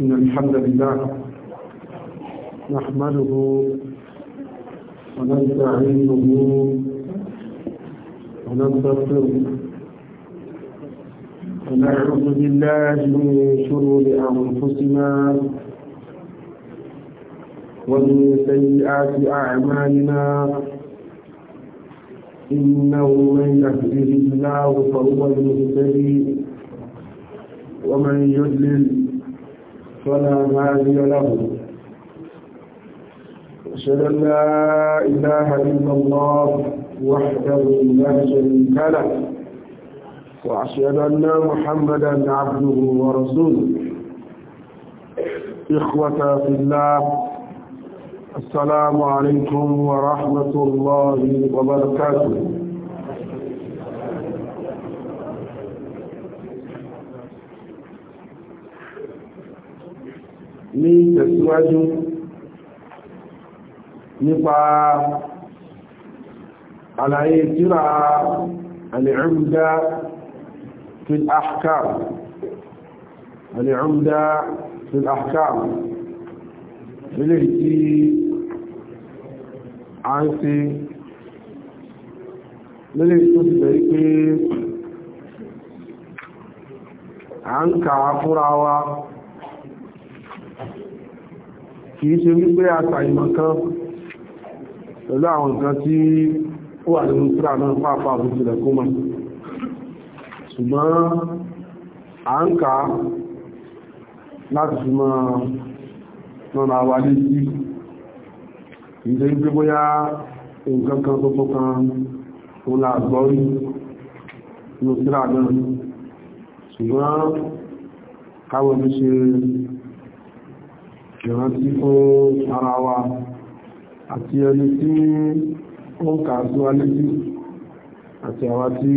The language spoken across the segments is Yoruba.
إن الحمد لله نحمده ونستعينه ونستغفره ونعوذ بالله من شرور أنفسنا ومن سيئات أعمالنا إنه من يهده الله فهو المهتدي ومن يضلل فلا مالي له أشهد أن لا إله إلا الله وحده لا شريك له وأشهد أن محمدا عبده ورسوله إخوة في الله السلام عليكم ورحمة الله وبركاته ní ìtẹ̀síwájú nípa àlàyé tíra al-Umda fil ahkam al-Umda fil ahkam ilé tí a ń ṣe lórí tó ti bẹ̀rí pé à ń kà fúnra wa kìí ṣe wípé àtàìmọ̀ kan pẹ̀lú àwọn nǹkan tí ó wà nínú tíra náà pàápàá àbújìlẹ̀ kó mọ̀ ṣùgbọ́n à ń ká láti fi mọ́ lọ́nà àwà létí kìí ṣe wípé bóyá nǹkan kan tó kan tó láàgbọ́rí nínú tíra náà ṣùgbọ́n káwọn bí ṣe ìrántí fún ara wa àti ẹni tí ó ń kà sí wa létí àti àwa tí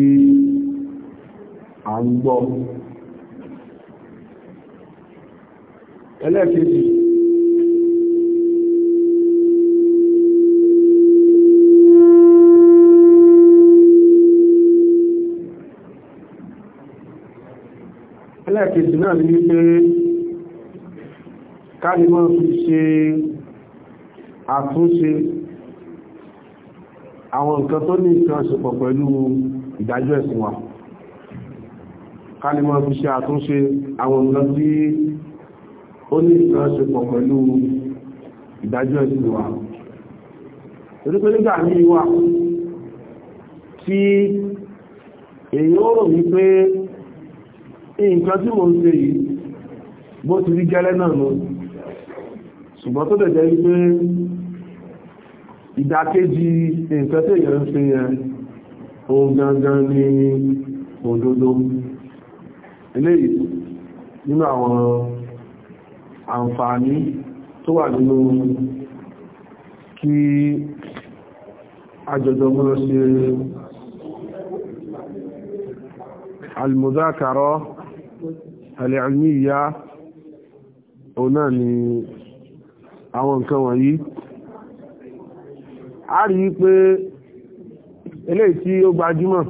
a ń gbọ́ ẹlẹ́ẹ̀kejì ẹlẹ́ẹ̀kejì náà ní wípé káàlì mọ́ fi ṣe àtúnṣe àwọn nǹkan tó ní nǹkan ṣepọ̀ pẹ̀lú ìdájọ́ ẹ̀sìn wa káàlì mọ́ fi ṣe àtúnṣe àwọn nǹkan tí ó ní nǹkan ṣepọ̀ pẹ̀lú ìdájọ́ ẹ̀sìn wa torípé nígbà ní ìwà tí èyí ó rò wípé nǹkan tí mo ń ṣe yìí bó ti rí gẹ́lẹ́ náà lóòrùn ṣùgbọ́n tó dẹ̀jẹ́ wípé ìdákéjì nǹkan tó yẹn ń fi yẹn ohun gangan ní òdodo eléyìí nínú àwọn àǹfààní tó wà nínú kí àjọ̀dọ̀mọ́ ṣe almuzakaro al'ilmiya ọ̀nà ni àwọn nǹkan wọ̀nyí a rí i pé eléyìí tí ó gbajúmọ̀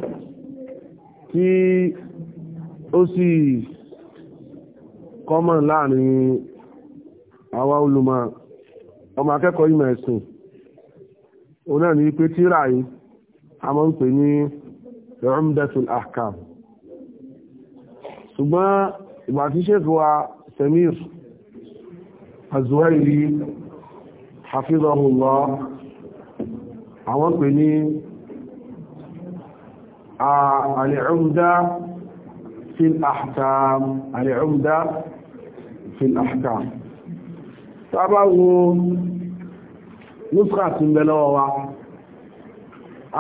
tí ó sì kọ́mọ̀ láàrin àwa olùmọ̀ ọmọ akẹ́kọ̀ọ́ ìmọ̀ ẹ̀sìn òun náà ní pé tíra yìí a máa ń pè ní Umdatul Ahkam ṣùgbọ́n ìgbà tí ṣèkò wa Semir azuwairi hafizahullah àwọn pè ní al'umda fil ahkam al'umda fil ahkam sábáwo nùsùkà tí ń bẹ lọ́wọ́ wa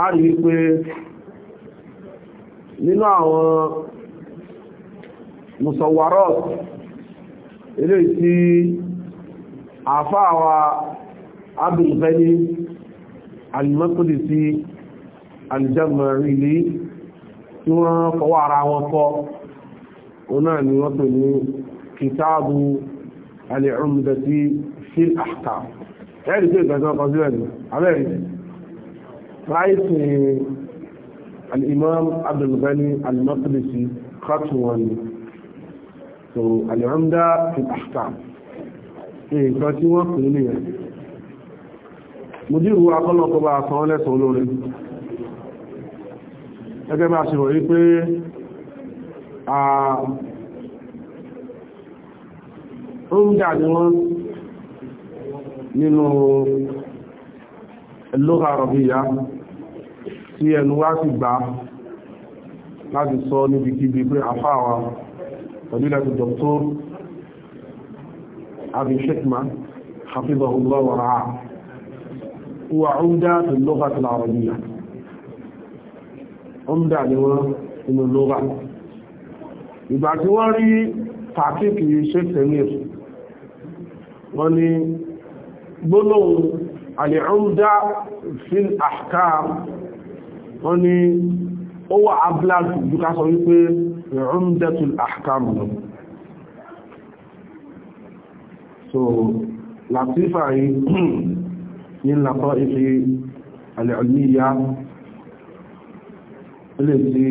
a rí pé nínú àwọn musawarot ilé tí àfáàwà abìlfẹ́ni alìmọ́kùdìsí alìjẹ́mọ̀rìlì tí wọ́n fọwọ́ ara wọn kọ́ ọ̀nà ni wọ́n pè ní kìtàbù alìrùmdàtí sí àkà ẹ̀rì tí ìgbẹ̀sán kan sílẹ̀ ní abẹ́rì ráìsì alìmọ́m abìlfẹ́ni alìmọ́kùdìsí kọ́tù wọn ni so alìrùmdà sí àkà nǹkan tí wọ́n pè ní ẹ̀ mùdírù akọ́lọ́kọ́ bá san lẹ́sàn olórin ẹgẹ́ bá ṣe wọ̀nyí pé à ń dà ní wọ́n nínú lóha rọ̀bíyá tí ẹnu wá sì gbá láti sọ níbikíbi pé àfáà wa pẹ̀lú ìlẹ́kùn dọ̀tọ́rù أبي شكمة حفظه الله ورعاه هو عمدة في اللغة العربية عمدة لما من اللغة ìgbà tí wọ́n rí tàkíkì ṣẹ́tẹ̀mìr wọ́n ni gbólóhùn alìọ́dá fil ahkam wọ́n ni ó wà abúlá jùkásọ wípé ìrùndẹ́tul ahkam lọ́wọ́ so latifa yìí ní lakọ́ ife alẹ́ọ̀lẹ́yà ilé tí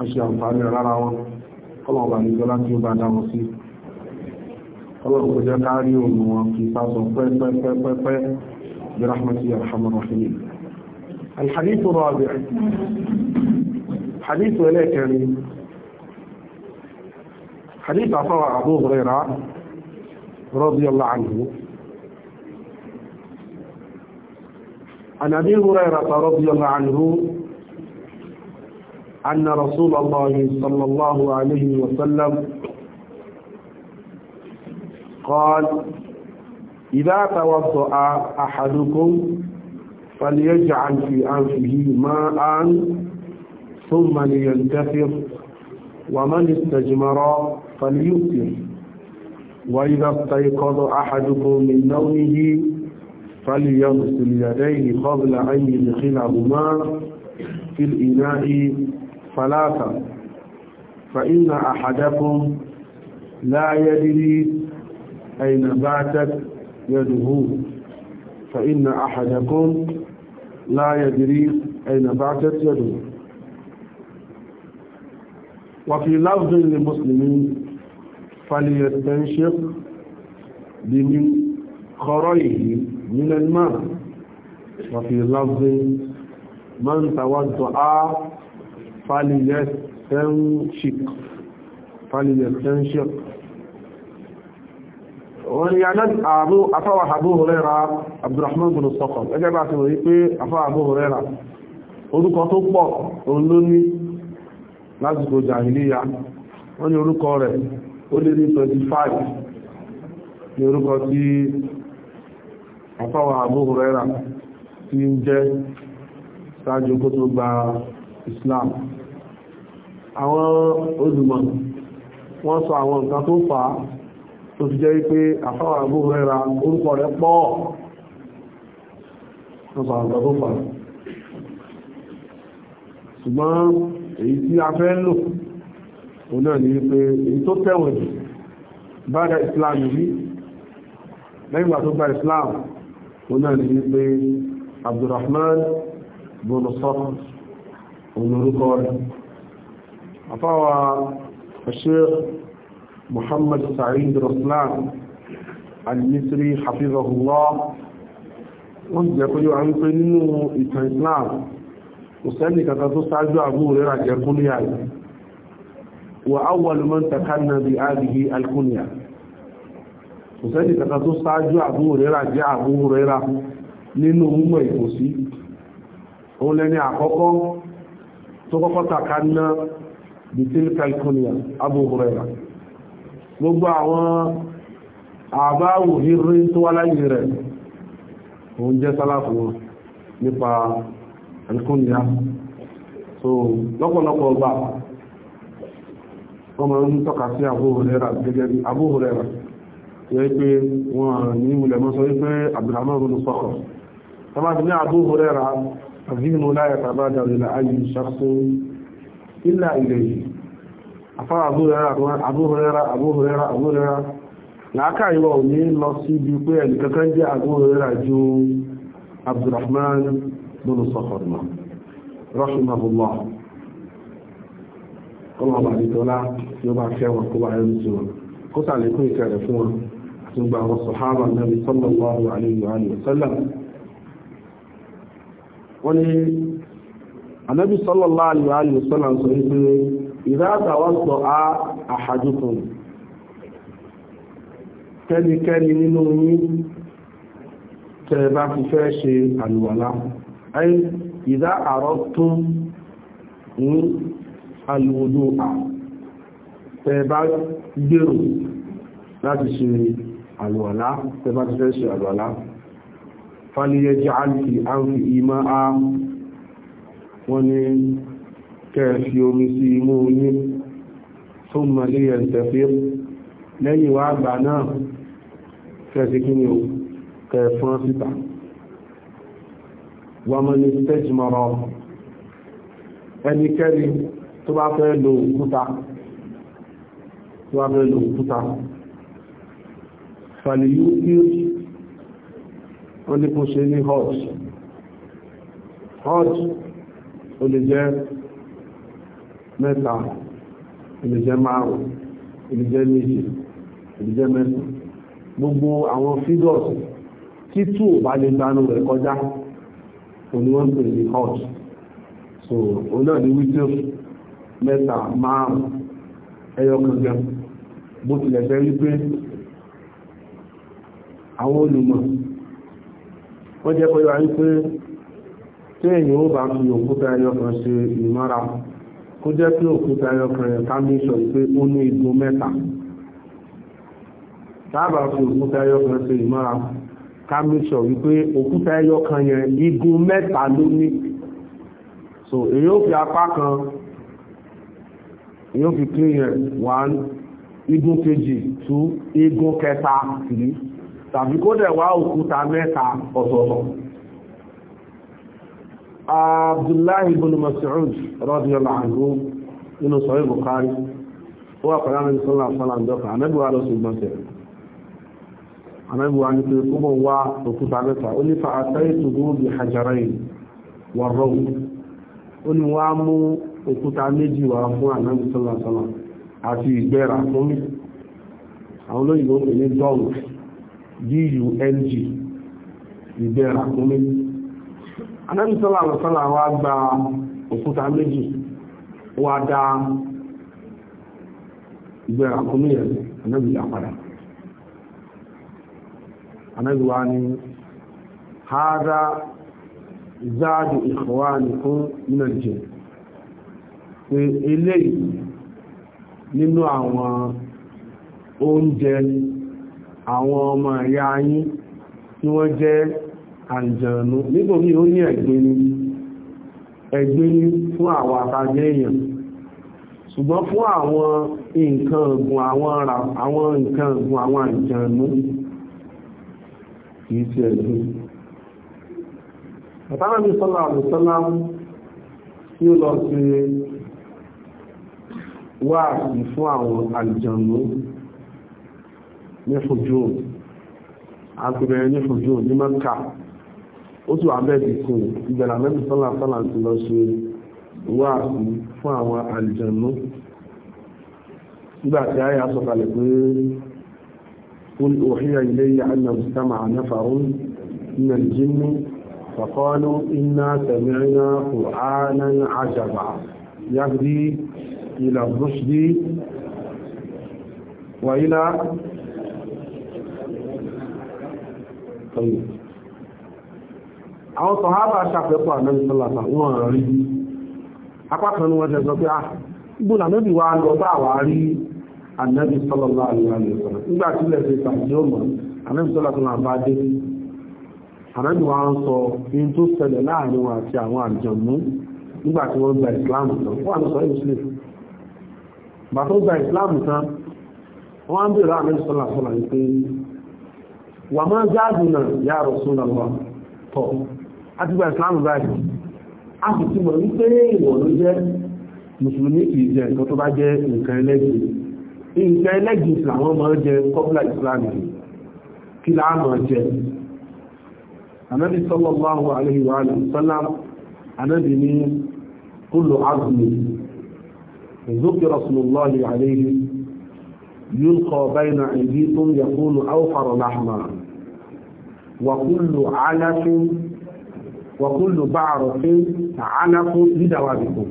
a ṣe àǹfààní rárá wọn kọlọ̀ bà ní gọ́lá tí ó bá dáwọn sí kọlọ̀ kò jẹ́ káàrí òun wọn kì í sásọ pẹ́pẹ́pẹ́pẹ́ bí rahmatí arhamar rahimi alhadithu rabi hadithu ẹlẹ́kẹrin hadithu afọwà Abu Hurairah رضي الله عنه عن أبي هريرة رضي الله عنه أن رسول الله صلى الله عليه وسلم قال إذا توضأ أحدكم فليجعل في أنفه ماء ثم لينتفض ومن استجمر فليكثر وإذا استيقظ أحدكم من نومه فليغسل يديه قبل أن يدخلهما في الإناء ثلاثة فإن أحدكم لا يدري أين باتت يده فإن أحدكم لا يدري أين باتت يده وفي لفظ للمسلمين فليستنشق بمنخريه من الماء وفي لفظ من توضع فليستنشق فليستنشق wọ́n yà náà àrú afáwà Abu Huraira Abdurrahman bin Sakhr ẹgbẹ́ bá ti wòye pé afáwà Abu Huraira orúkọ tó pọ̀ òun ló ní lásìkò wọ́n ní orúkọ rẹ̀ ó lé ní 25 ní orúkọ tí àfáwà Abu Huraira tí ń jẹ́ sáájú kó tó gba Islam àwọn olùmọ̀ wọ́n sọ àwọn nǹkan tó fà á tó fi jẹ́ wípé àfáwà Abu Huraira orúkọ rẹ̀ pọ̀ wọ́n sọ àwọn nǹkan tó fà á ṣùgbọ́n èyí tí a fẹ́ lò òun náà ni wípé èyí tó tẹ̀wọ̀n jù bára islam rí lẹ́yìn ìgbà tó gba islam òun náà ni wípé abdulrahman bin Sakhr òun orúkọ rẹ̀ afáwa sheikh muhammad sa'id raslan al-misri hafizahullah wọ́n jẹ́ pé yóò ń nínú ìtàn islam kò sẹ́nì tó sáájú àbúrò rẹ̀ ràjẹ́kúnlé àyè وأول من تكنى بهذه الكنية وسيدي تكتو ساجو أبو هريرة جاء أبو هريرة nínú múmọ̀ ìkòsí òun lẹ́ni àkọ́kọ́ tó kọ́kọ́ tàkà ná bitil kalkunia Abu Hurairah gbogbo àwọn àbáwò hírí tó wá láyé rẹ̀ òun jẹ́ sálàfù wọn nípa alkunia so lọ́pọ̀lọpọ̀ ọgbà wọ́n máa ń tọ́ka sí Abu Hurairah gẹ́gẹ́ bí Abu Hurairah yẹ pé wọ́n ní ìmúlẹ̀ mọ́ sọ wípé Abdurrahman bin Sakhr tọ́bá ti ní Abu Hurairah àzínú láyẹ̀ tàbá jàre là ayé ṣàkóso ilá ilẹ̀ yìí afá Abu Hurairah Abu Hurairah Abu Hurairah Abu Hurairah làákà ìwọ̀ ò kọ́mọ bá di tọ́lá tí ó bá fẹ́ wọn kó bá yọ sí wọn kó sàlékún ìkẹrẹ fún wọn àti gba àwọn sọ̀hábà Nabi sallallahu alaihi wa sallam wọ́n ní anábì sallallahu alaihi wa sallam sọ wípé ìdáàtà wọ́n sọ á ahadukum kẹ́nikẹ́ni nínú yín tẹ́ bá fi fẹ́ ṣe àlùwàlá ẹ́ ìdá àrọ́ tún ní alùwòdó tẹ́ẹ̀bá gbèrò láti ṣe àlùwàlá tẹ́ẹ̀bá ti fẹ́ ṣe àlùwàlá fàlìyẹ jẹ́ àlùfì àrùn ìmá a wọ́n ni kẹ́ẹ̀fì omi sí imú yí fún màlíyàn tẹ̀fẹ́ lẹ́yìn wá àgbà náà kẹ́ẹ̀sì kí ni ó kẹ́ẹ̀fọ́n síta wọ́n mọ́ ni tẹ́jì mọ́rọ̀ ẹnikẹ́ni tó bá fẹ́ lo òkúta tó bá fẹ́ lo òkúta fàlìyú pírì wọ́n ní kó ṣe ní hot hot ó lè jẹ́ mẹ́ta ó lè jẹ́ márùn ó lè jẹ́ méjì ó lè jẹ́ mẹ́ta gbogbo àwọn figures títù bá lè gbanú rẹ̀ kọjá òní wọ́n pè ní hot so òun náà ní wítírì mẹ́ta márùn ẹyọ kankan bó tilẹ̀ fẹ́ rí pé àwọn olùmọ̀ wọ́n jẹ́ pé wà ní pé tí èyàn ó bá fi òkúta ẹyọ kan ṣe ìmọ́ra kó jẹ́ pé òkúta ẹyọ kan yẹn ká ní sọ pé ó ní igun mẹ́ta tábà fi òkúta ẹyọ kan ṣe ìmọ́ra ká ní sọ wípé òkúta ẹyọ kan yẹn igun mẹ́ta ló ní so èyí ó fi apá kan yóò fi clean yẹn one igun kejì two igun kẹta three tàbí kó dẹ̀ wá òkúta mẹ́ta ọ̀tọ̀ọ̀tọ̀ Abdullahi ibn Mas'ud radiyallahu anhu nínú sọ̀rọ̀ Bukhari ó wà pẹ̀lú àwọn ìsọ́lá sọ́lá ìjọka anẹ́bùwà lọ sí ìgbọ̀nsẹ̀ anẹ́bùwà ní pé kúmọ̀ wá òkúta mẹ́ta ó ní fa àtẹ́ ìtùgbò hajjara hajjarain wà rọ́wù ó ní wá mú òkúta méjì wà fún ànábì sọ́lọ́sọ́lá àti ìgbẹ́ra fún àwọn olóyìnbó pè ní dọ́ọ̀lù dung ìgbẹ́ra fún mi ànábì sọ́lọ́sọ́lá wa gba òkúta méjì wá dá ìgbẹ́ra fún mi ànábì yà padà ànábì nìkún pé eléyìí nínú àwọn oúnjẹ àwọn ọmọ ìyá yín tí wọ́n jẹ́ àǹjànú nígbòmí ó ní ni ni fún àwọn àtàjẹ́ èèyàn ṣùgbọ́n fún àwọn nǹkan ọ̀gùn àwọn nǹkan ọ̀gùn àwọn kìí ẹ̀gbẹ́ sọ́lá àbùsọ́lá wá àti fún àwọn àlùjànnú ní fojú àpẹẹrẹ ní fojú ní mẹ́ta ó sì wà bẹ́ẹ̀ bí kùn ìgbàlá mẹ́ta sọ́là sọ́là ti lọ ṣe wá àti fún àwọn àlùjànnú nígbà tí a yà sọ̀kalẹ̀ pé قل أوحي إلي أنه استمع نفر من الجن فقالوا إنا سمعنا قرآنا عجبا إلى الرشد وإلى طيب àwọn sọ̀hábà ṣàpẹ́pọ̀ àmẹ́rí sọ́lọ́sà wọ́n rí bí apákan ní wọ́n jẹ́ sọ pé ah gbọ́n àmẹ́bí wa lọ bá wà rí àmẹ́bí sọ́lọ́lá àríwáyẹ̀sọ́lá nígbà tí ilẹ̀ fi tàbí ọmọ àmẹ́bí sọ́lọ́sà náà bá dé àmẹ́bí wa ń sọ in tó ṣẹlẹ̀ láàrin wọn àti àwọn àjọ̀mú nígbà tí wọ́n bàtó gba ìsìláàmù tán wọ́n ń bèèrè àmì sọ́là sọ́là ń pé wà máa jáàdù náà yà rọ̀ sọ́là lọ tọ̀ àti gba ìsìláàmù báyìí ti mọ̀ wípé ìwọ̀n ló jẹ́ ije kì jẹ nǹkan tó bá jẹ́ nǹkan ẹlẹ́gbìn ma ẹlẹ́gbìn jẹ jẹ sallallahu alaihi wa sallam ذكر رسول الله عليه يلقى بين أيديكم يكون أوفر لحما وكل علف وكل بعرف علف لدوابكم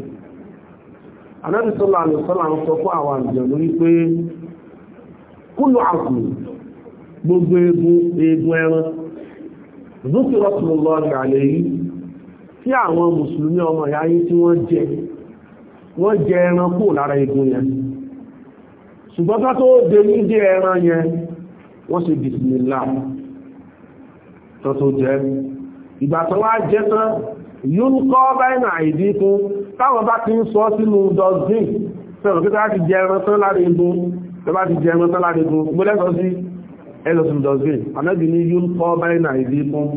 Ànábì sọ́lá àlùsọ́lá ń sọ fún àwọn àjẹ̀lú wípé kúlù gbogbo egun egun ẹran zúkìrọ̀tùmù lọ́rì ihe tí àwọn mùsùlùmí ọmọ ìyáyé tí wọ́n jẹ wọ́n jẹ ẹran kò lára egun yẹn ṣùgbọ́n ká tó dé ní dé ẹran yẹn wọ́n ṣe bìsìmìlá tán tó jẹ́ ìgbà tó wá jẹ́ tán yóò kọ́ báyìí àìdí fún táwọn bá ti ń sọ sínú dọ́sìn fẹ́ràn pé láti jẹ ẹran tán lára egun tó bá ti jẹ ẹran tán lára egun gbọ́lẹ́sọ sí ẹlọ́sìn dọ́sìn anábì ní yóò kọ́ báyìí àìdí fún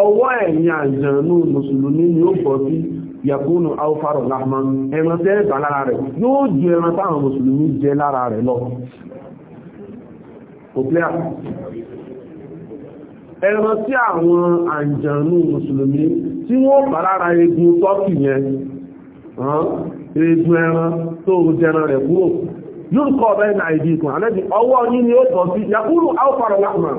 ọwọ́ ẹ̀yìn àjẹ̀nú mùsùlùmí ni ó pọ̀ sí yakunu alfaru rahman ẹran tẹ́ ẹ̀bà lára rẹ̀ yóò jẹ ẹran táwọn mùsùlùmí jẹ lára rẹ̀ lọ òpíà ẹran tí àwọn àǹjànú mùsùlùmí tí wọ́n bà lára egun tọ́kì yẹn egun ẹran tó jẹran rẹ̀ kúrò yóò kọ́ ọ̀bẹ́ nàìjíríkùn alẹ́bí ọwọ́ yìí ni ó tọ́ sí yakunu alfaru rahman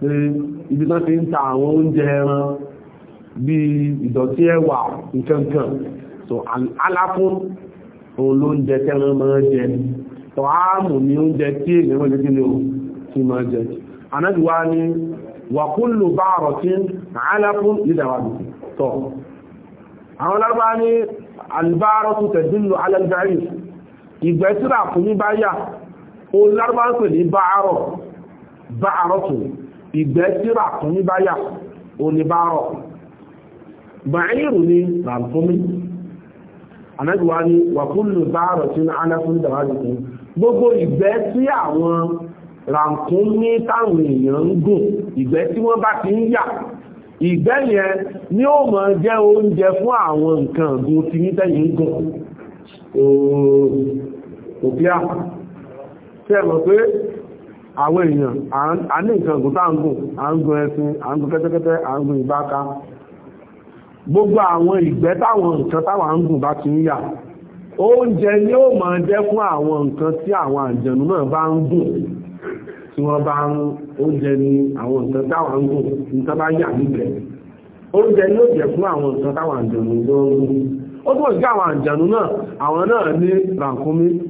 pé ibi tán ti ń ta àwọn oúnjẹ ẹran bí ìdọ̀tí ẹwà nǹkankan so aláfún òun ló ń jẹ tẹ́ran máa jẹ tọ́ áàmù ní oúnjẹ tí èèyàn lè kí ni ó ti máa jẹ anájúwá ní wàkúlù bá ọ̀rọ̀ tí aláfún ìdàwàdì tọ́ àwọn lárbá ní albáárọ̀ tó tẹ̀dúlù alágbárí ìgbẹ́sìrà fún ní báyà òun lárbá ń pè ní báárọ̀ báárọ̀ ìgbẹ́ tíra kún ní báyà oníbárọ̀ bàírù ní ràǹkúnmí anájúwá ní wàkúlù bárọ̀ tí ní anáfún dàwájúkún gbogbo ìgbẹ́ tí àwọn ràǹkúnmí táwọn èèyàn ń gùn ìgbẹ́ tí wọ́n bá ti ń yà ìgbẹ́ yẹn ni ó mọ̀ jẹ́ oúnjẹ fún àwọn nǹkan gùn ti ní tẹ́yìn gùn òkúyà tẹ́mọ̀ pé àwọn èèyàn a ní ìṣẹ́gun táǹgùn ń gun ẹfin a ń gun kẹ́tẹ́kẹ́tẹ́ à ń gun ìbáka gbogbo àwọn ìgbẹ́ táwọn nǹkan táwọn à ń bá ti ń yà oúnjẹ ni ó máa jẹ́ fún àwọn nǹkan tí àwọn àjẹ̀nú náà bá ń gùn tí wọ́n bá ń oúnjẹ ni àwọn nǹkan táwọn ń gùn nǹkan bá yà níbẹ̀ oúnjẹ ni ó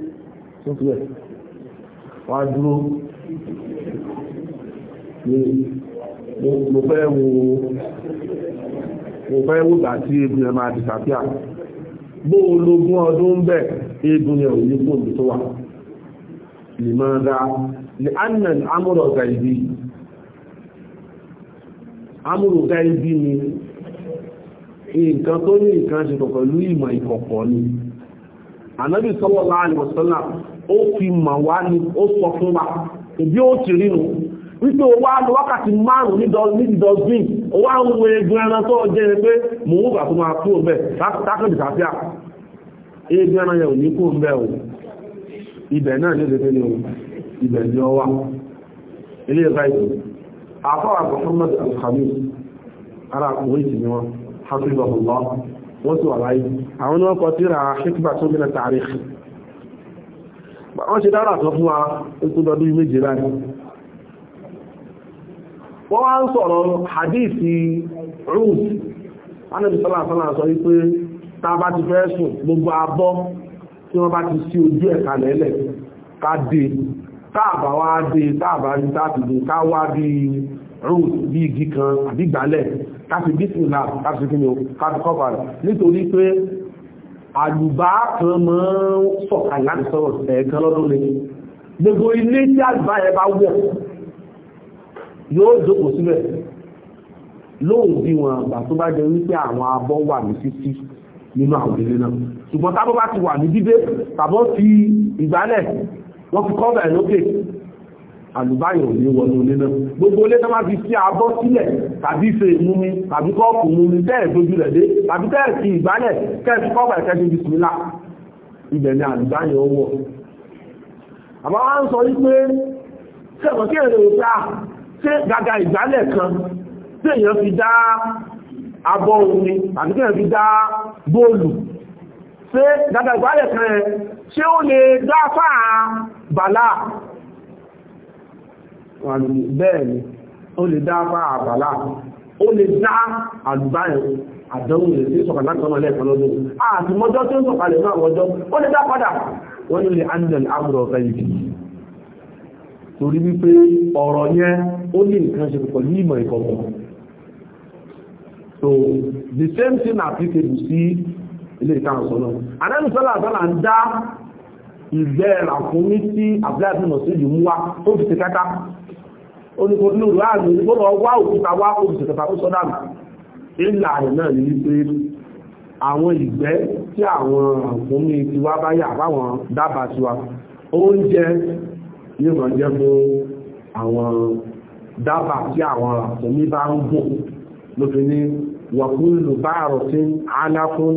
sípìlẹ̀ wọ́n á dúró mo mo fẹ́ wò gbà tí egun ẹ̀ máa dìsàpíà bó ológun ọdún bẹ̀ egun ẹ̀ ò ní fóònù tó wà lè máa dá lè annan ibi ni nǹkan tó ní nǹkan ṣe pẹ̀lú ìmọ̀ ìkọ̀kọ̀ ni ànábì ó fi mọ̀ wá ni ó sọ fún wa ìbí ó ti rí nu wípé o á lọ wákàtí márùn ń wo egun ẹran tó jẹ́ pé mò ń gbà tó máa egun ẹran ò ní o ibẹ̀ náà ní ni o ibẹ̀ ni ọwá ilé ẹ̀bá ìlú àfọ́wà Muhammad al-Khamis ara kòwéjì ni wọ́n hafizahullah wọ́n ti wà láyé àwọn ni wọ́n kọ hikba tó na wọ́n ṣe dára sọ fún wa ètò ọdún méje láì wọ́n wá ń sọ̀rọ̀ hadithi ruth anẹ́bí sọ́làsọ́là sọ wípé ta bá ti fẹ́ sùn gbogbo abọ́ tí wọ́n bá ti sí ojú ẹ̀ kalẹ̀ẹ́lẹ̀ ká dé táàbà wá dé táàbà ní táàbìdè ká wá bí ruth bí igi kan àbí gbálẹ̀ ká fi bísìnlá ká fi ó ká kọ́pàá nítorí pé àlùbá kan mọ́ sọ̀kà láti sọ̀rọ̀ ẹ̀ẹ̀kan lọ́dún lè gbogbo ilé tí àlùbá ẹ bá wọ̀ yóò jókòó sílẹ̀ lóòrùn bí wọn àgbà tó bá jẹ wípé àwọn abọ́ wà ní títí nínú àwọn ilé náà ṣùgbọ́n tábọ́ bá ti wà ní dídé tàbọ́ fi ìgbálẹ̀ wọ́n fi kọ́ọ̀bẹ̀ àlùbáyọ̀ ní wọnú ilé náà gbogbo ilé náà fi sí abọ́ sílẹ̀ tàbí ṣe ìmúmi tàbí kọ́ọ̀pù múmi tẹ́ẹ̀ dojú rẹ̀ dé tàbí tẹ́ẹ̀ sí ìgbálẹ̀ kẹ́ẹ̀sì kọ́ọ̀pù ẹ̀kẹ́ẹ̀sì bisimilá ibẹ̀ ni àlùbáyọ̀ wọ̀ àbá wá ń sọ wípé sẹ́wọ̀n kí èrè òpá ṣé gàgà ìgbálẹ̀ kan tí èèyàn fi dá abọ́ omi tàbí kí èèyàn fi dá bóòlù ṣé gàgà ẹ̀ ṣé ó lè dá fáà wọ́n lè bẹ́ẹ̀ ni ó lè dá apá àbàlá ó lè dá àlùbáyẹ̀ àdánwò rẹ̀ sí sọ̀kà láti ọmọ ẹlẹ́ẹ̀kan lọ́dún àti mọ́jọ́ tí ó sọ̀kalẹ̀ náà wọ́jọ́ ó lè dá padà wọ́n lè handle amúrọ̀ fẹ́yìntì torí wípé ọ̀rọ̀ yẹn ó ní nǹkan ṣe pẹ̀lú ìmọ̀ ìkọ̀kọ̀ so the same thing applicable sí ilé ìtànsọ́ náà adẹ́nusọ́lá àtọ́là ń dá ìgbẹ́ ràkúnmí sí àbúlá ìfúnnà sí ìlú mú wa ó fi ti kátá oníkòtínú láàrin onígbọ́nà wá òkúta wá òṣìṣẹ́ta tó sọ́dá ìlà rẹ̀ náà ní wípé àwọn ìgbẹ́ tí àwọn àkúnmí ti wá bá yà fáwọn dábàá sí wa oúnjẹ yóò máa jẹ́ fún àwọn dábàá tí àwọn àkúnmí bá ń gùn lófin ní wàkúlù báàrọ̀ tí àálá fún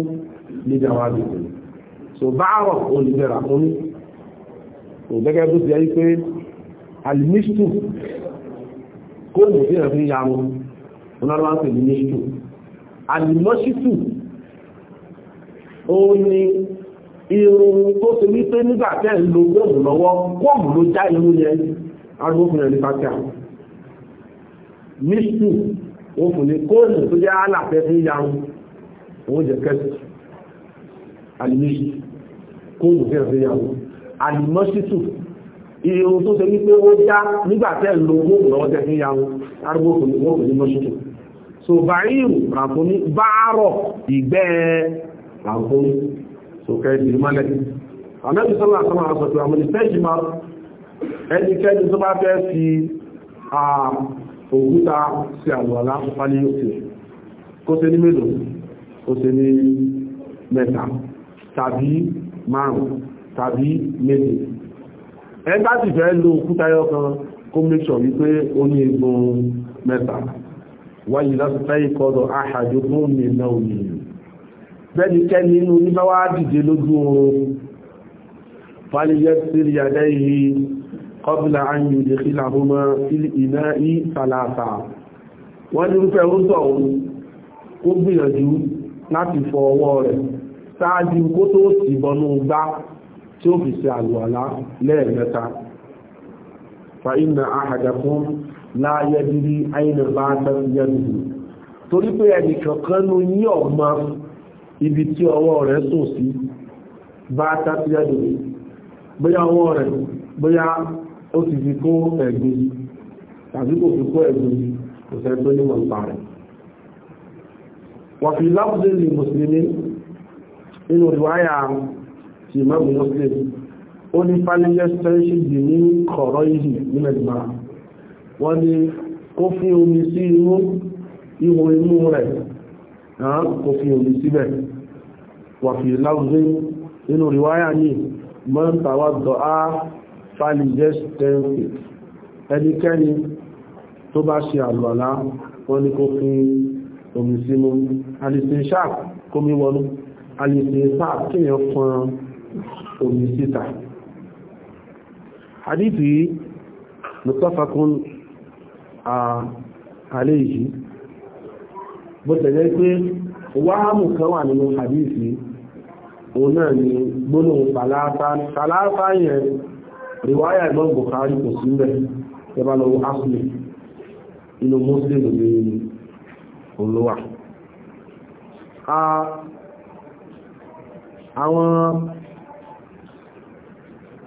níjàwá gbogbo so báàrọ̀ olùgbẹ̀rà fún ní gẹ́gẹ́ bó ti yẹ wípé alimistu kóòmù tí wọ́n fi ń yarun onáwó ń pè ní méjìlú àlùmọ́ṣítù ó ní irun tó ṣe wípé nígbà tẹ́ ń lo kóòmù lọ́wọ́ kóòmù ló já irun yẹn agbófinrin ní pàtàkì àwọn méjìlú ó fún ní kóòmù tó jẹ́ alàfẹ́ fi ń yarun òun jẹ́ kẹ́sì àlùmọ́ṣítù kóòmù tí wọ́n fi ń yarun àlùmọ́ṣítù irun tó ṣe wípé ó já nígbàtẹ́ lo mọ́kù lọ́wọ́ tẹ́ fi yàwó arúgbó kò ní mọ́kù ní mọ́ṣútù so bàírù ràǹkóní báárọ̀ ìgbẹ́ ràǹkóní so kẹ́ẹ̀sì mọ́lẹ̀ àmẹ́bí sọ́lá sọ́lá sọ pé àmọ́ ìfẹ́jì máa ẹnikẹ́ni tó bá fẹ́ fi òkúta sí àlùwàlá pálí òsè kó ṣe ní mélòó kó ṣe ní mẹ́ta tàbí márùn ẹgbá sì fẹ́ lo òkúta ẹyọ kan kó mẹ́ṣọ̀ wípé ó ní egun mẹ́ta wáyé lásìfẹ́ ìkọdọ̀ àhàjò fún mi náà omi bẹ́ẹ̀ni kẹ́ni inú ní bá wá dìde lójú oorun fàlìyẹ́ sírí àdẹ́yìí kọ́bílà àyìn ìdíkílà húnmọ́ iná í sàlàtà wọ́n ní rúfẹ́ orúsọ̀ òun ó gbìyànjú láti fọ ọwọ́ rẹ̀ ṣáájú kó tó sì bọnú gbá tí ó fi ṣe àlùwàlá lẹ́ẹ̀mẹ́ta fa inna ahadakum la yadri ayna batat yaduhu torí pé ẹnìkankan ló yí ọ̀mọ ibi tí ọwọ́ rẹ̀ sùn sí ba yaduhu bóyá ọwọ́ rẹ̀ bóyá ó ti fi kó ti imamu muslim ó ní fáliyẹ́sẹ̀ ṣe jì ní kọ̀rọ̀ ìhì ní mẹ́gbà wọ́n ní kó fi omi sí inú ihò inú rẹ̀ kó fi omi síbẹ̀ wà fi láwùzé nínú ríwáyà ní mọ́ntàwà dọ̀á fáliyẹ́sẹ̀ ẹnikẹ́ni tó bá ṣe àlọ́lá wọ́n ní kó fi omi sínú alìsìn sáà kómi wọnú alìsìn sáà kíyàn fún omi síta hadithi mustafakun a aléyìí bó tẹ̀lé pé wáhámù kan wà nínú hadithi òun náà ni gbónúhùn tàlátà yẹn ríwáyà ìgbọ́n Bukhari kò sílẹ̀ ẹbálọ́wọ́ asìlẹ̀ inú Muslim ní olówà àwọn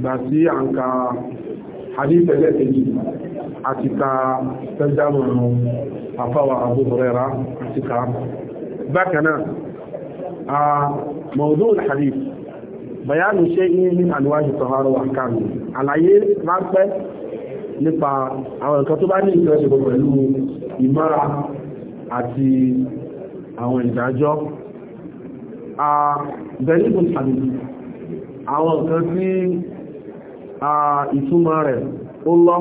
gbà sí àǹkà àdífẹ́lẹ́ èyí àti ka tẹ́jámọ̀ àfáwà Abu Hurairah àti ka bákanáà mawdu' al-hadith bayanu shay'in min anwa'i at-tahara wa ahkam àlàyé ráńpẹ́ nípa àwọn nǹkan tó bá ní ìrẹsìkò pẹ̀lú ìmọ́ra àti àwọn ìdájọ́ a bẹ̀rẹ̀ ìbùn àdìdì àwọn nǹkan tí ìtumọ̀ rẹ̀ ó lọ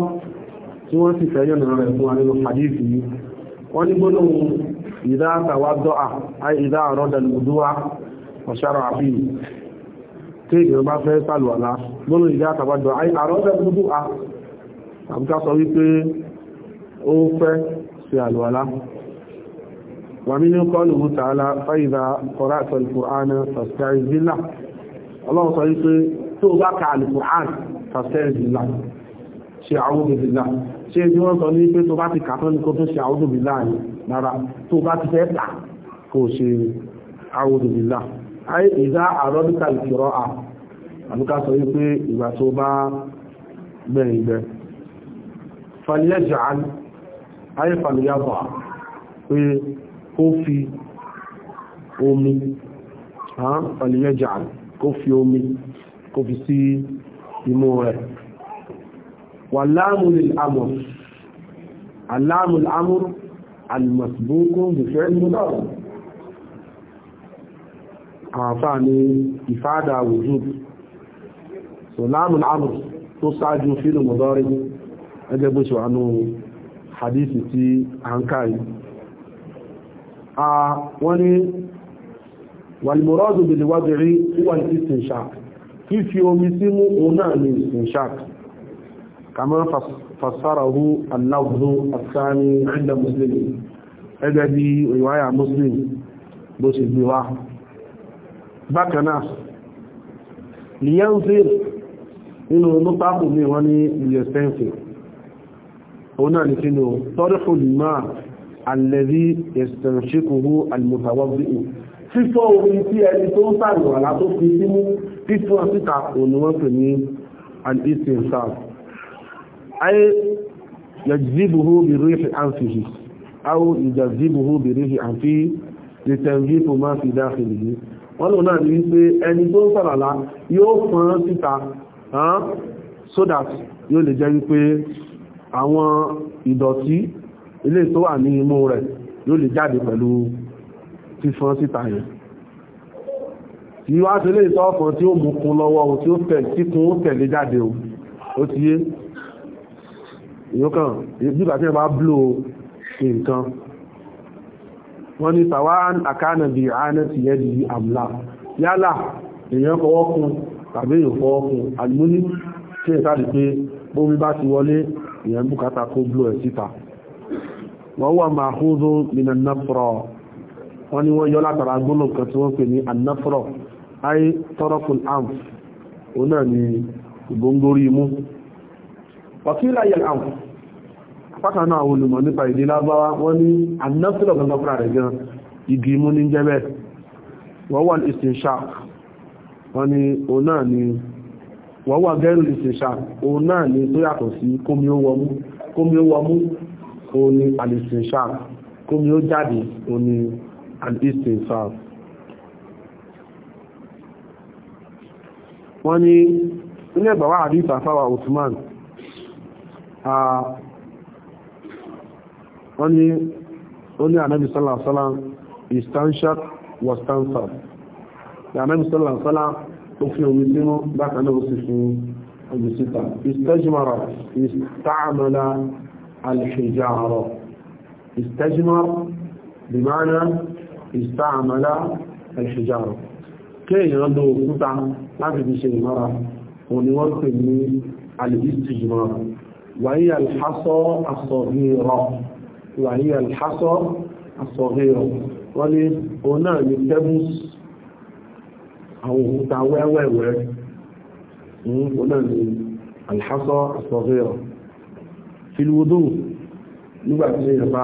tí wọ́n sì fẹ́ yọ̀nà rẹ̀ fún àrínú hadithi yìí wọ́n ní gbọ́nà ìdá àtàwádọ́à àì ìdá àrọ́dà lùdúwà ọ̀ṣára àfi tí ènìyàn bá fẹ́ sàlùwàlá gbọ́nà ìdá àtàwádọ́à àì àrọ́dà lùdúwà àbúká sọ wípé ó fẹ́ sí àlùwàlá wà ọlọ́run sọ wípé tí ó bá ka alukur'an fàṣẹ́rìnlá ṣe àwọ́bìnlá ṣe bí wọ́n sọ ní pé tó bá ti kà tán ní kó tó ṣe àwọ́bìnlá ní rárá tó bá ti fẹ́ tà kó ṣe àwọ́bìnlá ayé ìdá àrọ́dúkà omi fàlẹ́jà ayé kó fi omi kó fi sí imú rẹ̀ wà láàmùlì àmọ̀ aláàmùlì àmúrù alìmọ̀síbókó ìfẹ́ ìmúdọ̀ àfáà ní ìfádà wujud so láàmùlì àmúrù tó sáájú fílù mọ̀dọ́rí ẹgbẹ́ bó ṣe wà ní hadisi tí a ń káyìí wọ́n ní wàlìmọ́rọ́dù bèèrè wádìrí wà ní istinshaq fífi omi símú òun náà ní istinshaq kàmọ́ fasarahu aláwùdó àtàní ẹ̀dà muslim ẹgbẹ́ bí ìwáyà muslim bó sì gbé wá bákanáà lìyàn fèèrè nínú nítàkù ní wọ́n ní ìyẹ̀sẹ́ǹfì òun náà ní kí ni lè máa alẹ́rí ìsìnṣíkòrò alìmọ̀tàwọ́bìnrin fífọ́ orí tí ẹni tó ń sàlùwàlá tó fi símú fífọ́ síta òní wọ́n pè ní alìsìn sáà ayé yàjíbùhó bìrìhì àǹfìhì áwò ìjàjíbùhó bìrìhì àǹfì lìtẹ̀vípò máa fi dáfìlì yìí wọ́n lò náà ní pé ẹni tó ń sàlùwàlá yóò fọ́n síta so that yóò lè jẹ́ wípé àwọn ìdọ̀tí ilé tó wà ní imú rẹ̀ yóò lè jáde pẹ̀lú fífán síta yẹn tí wá sí lè tọ́ ọkàn tí ó mú kún lọ́wọ́ ohun tí ó tẹ̀ tí kún ó tẹ̀lé jáde o ó ti yé ìyókàn nígbà tí ẹ bá bló nǹkan wọ́n ní tàwa àkánà bí àánà ti yẹ́ di àmúlà yálà èèyàn fọwọ́ tàbí èèyàn fọwọ́ kún àlùmúní tí ìsáàdì pé bómi bá ti wọlé èèyàn bùkátà kó bló ẹ̀ síta wọ́n wà máa húzó nínú náà wọ́n ní wọ́n yọ látara gbóná kan tí wọ́n pè ní anáfọ́rọ̀ ayé tọ́rọ́kùn amf òun náà ni ìgbóngórí imú ọ̀kílá yẹ amf pátá náà àwọn olùmọ̀ nípa ìdí lábáwá wọ́n ní anáfọ́rọ̀ gangan fúnra rẹ̀ gan igi imú ní jẹ́bẹ̀ wọ́n wà ni wọ́n wà gẹ́rù istinshaq ni tó yàtọ̀ sí kómi ó wọmú kómi ó wọmú òun ni al-istinsaf wọ́n ní ilé ẹgbàwà àdíta fáwà Uthman wọ́n ní ó ní ànábì sọ́làsọ́lá istanshak wastansaf ànábì sọ́làsọ́lá ó fi omi sínú bákan náà ó sì fi omi síta istajmara istamala alhijara istajmar bimana ìsáàmọ́lá ẹ̀ṣùjáàrù kí èèyàn ló òkúta láti fi ṣe ìmọ́ra òun ni wọ́n pè ní alìbìtì jùmọ́ wàyí alhásọ́ asọ̀rírọ̀ wàyí alhásọ́ asọ̀rírọ̀ wọ́n ní òun náà ni pebbles àwọn òkúta wẹ́wẹ́wẹ́ hmm, òun náà ni alhásọ́ asọ̀rírọ̀ fil wudu nígbàtí èèyàn bá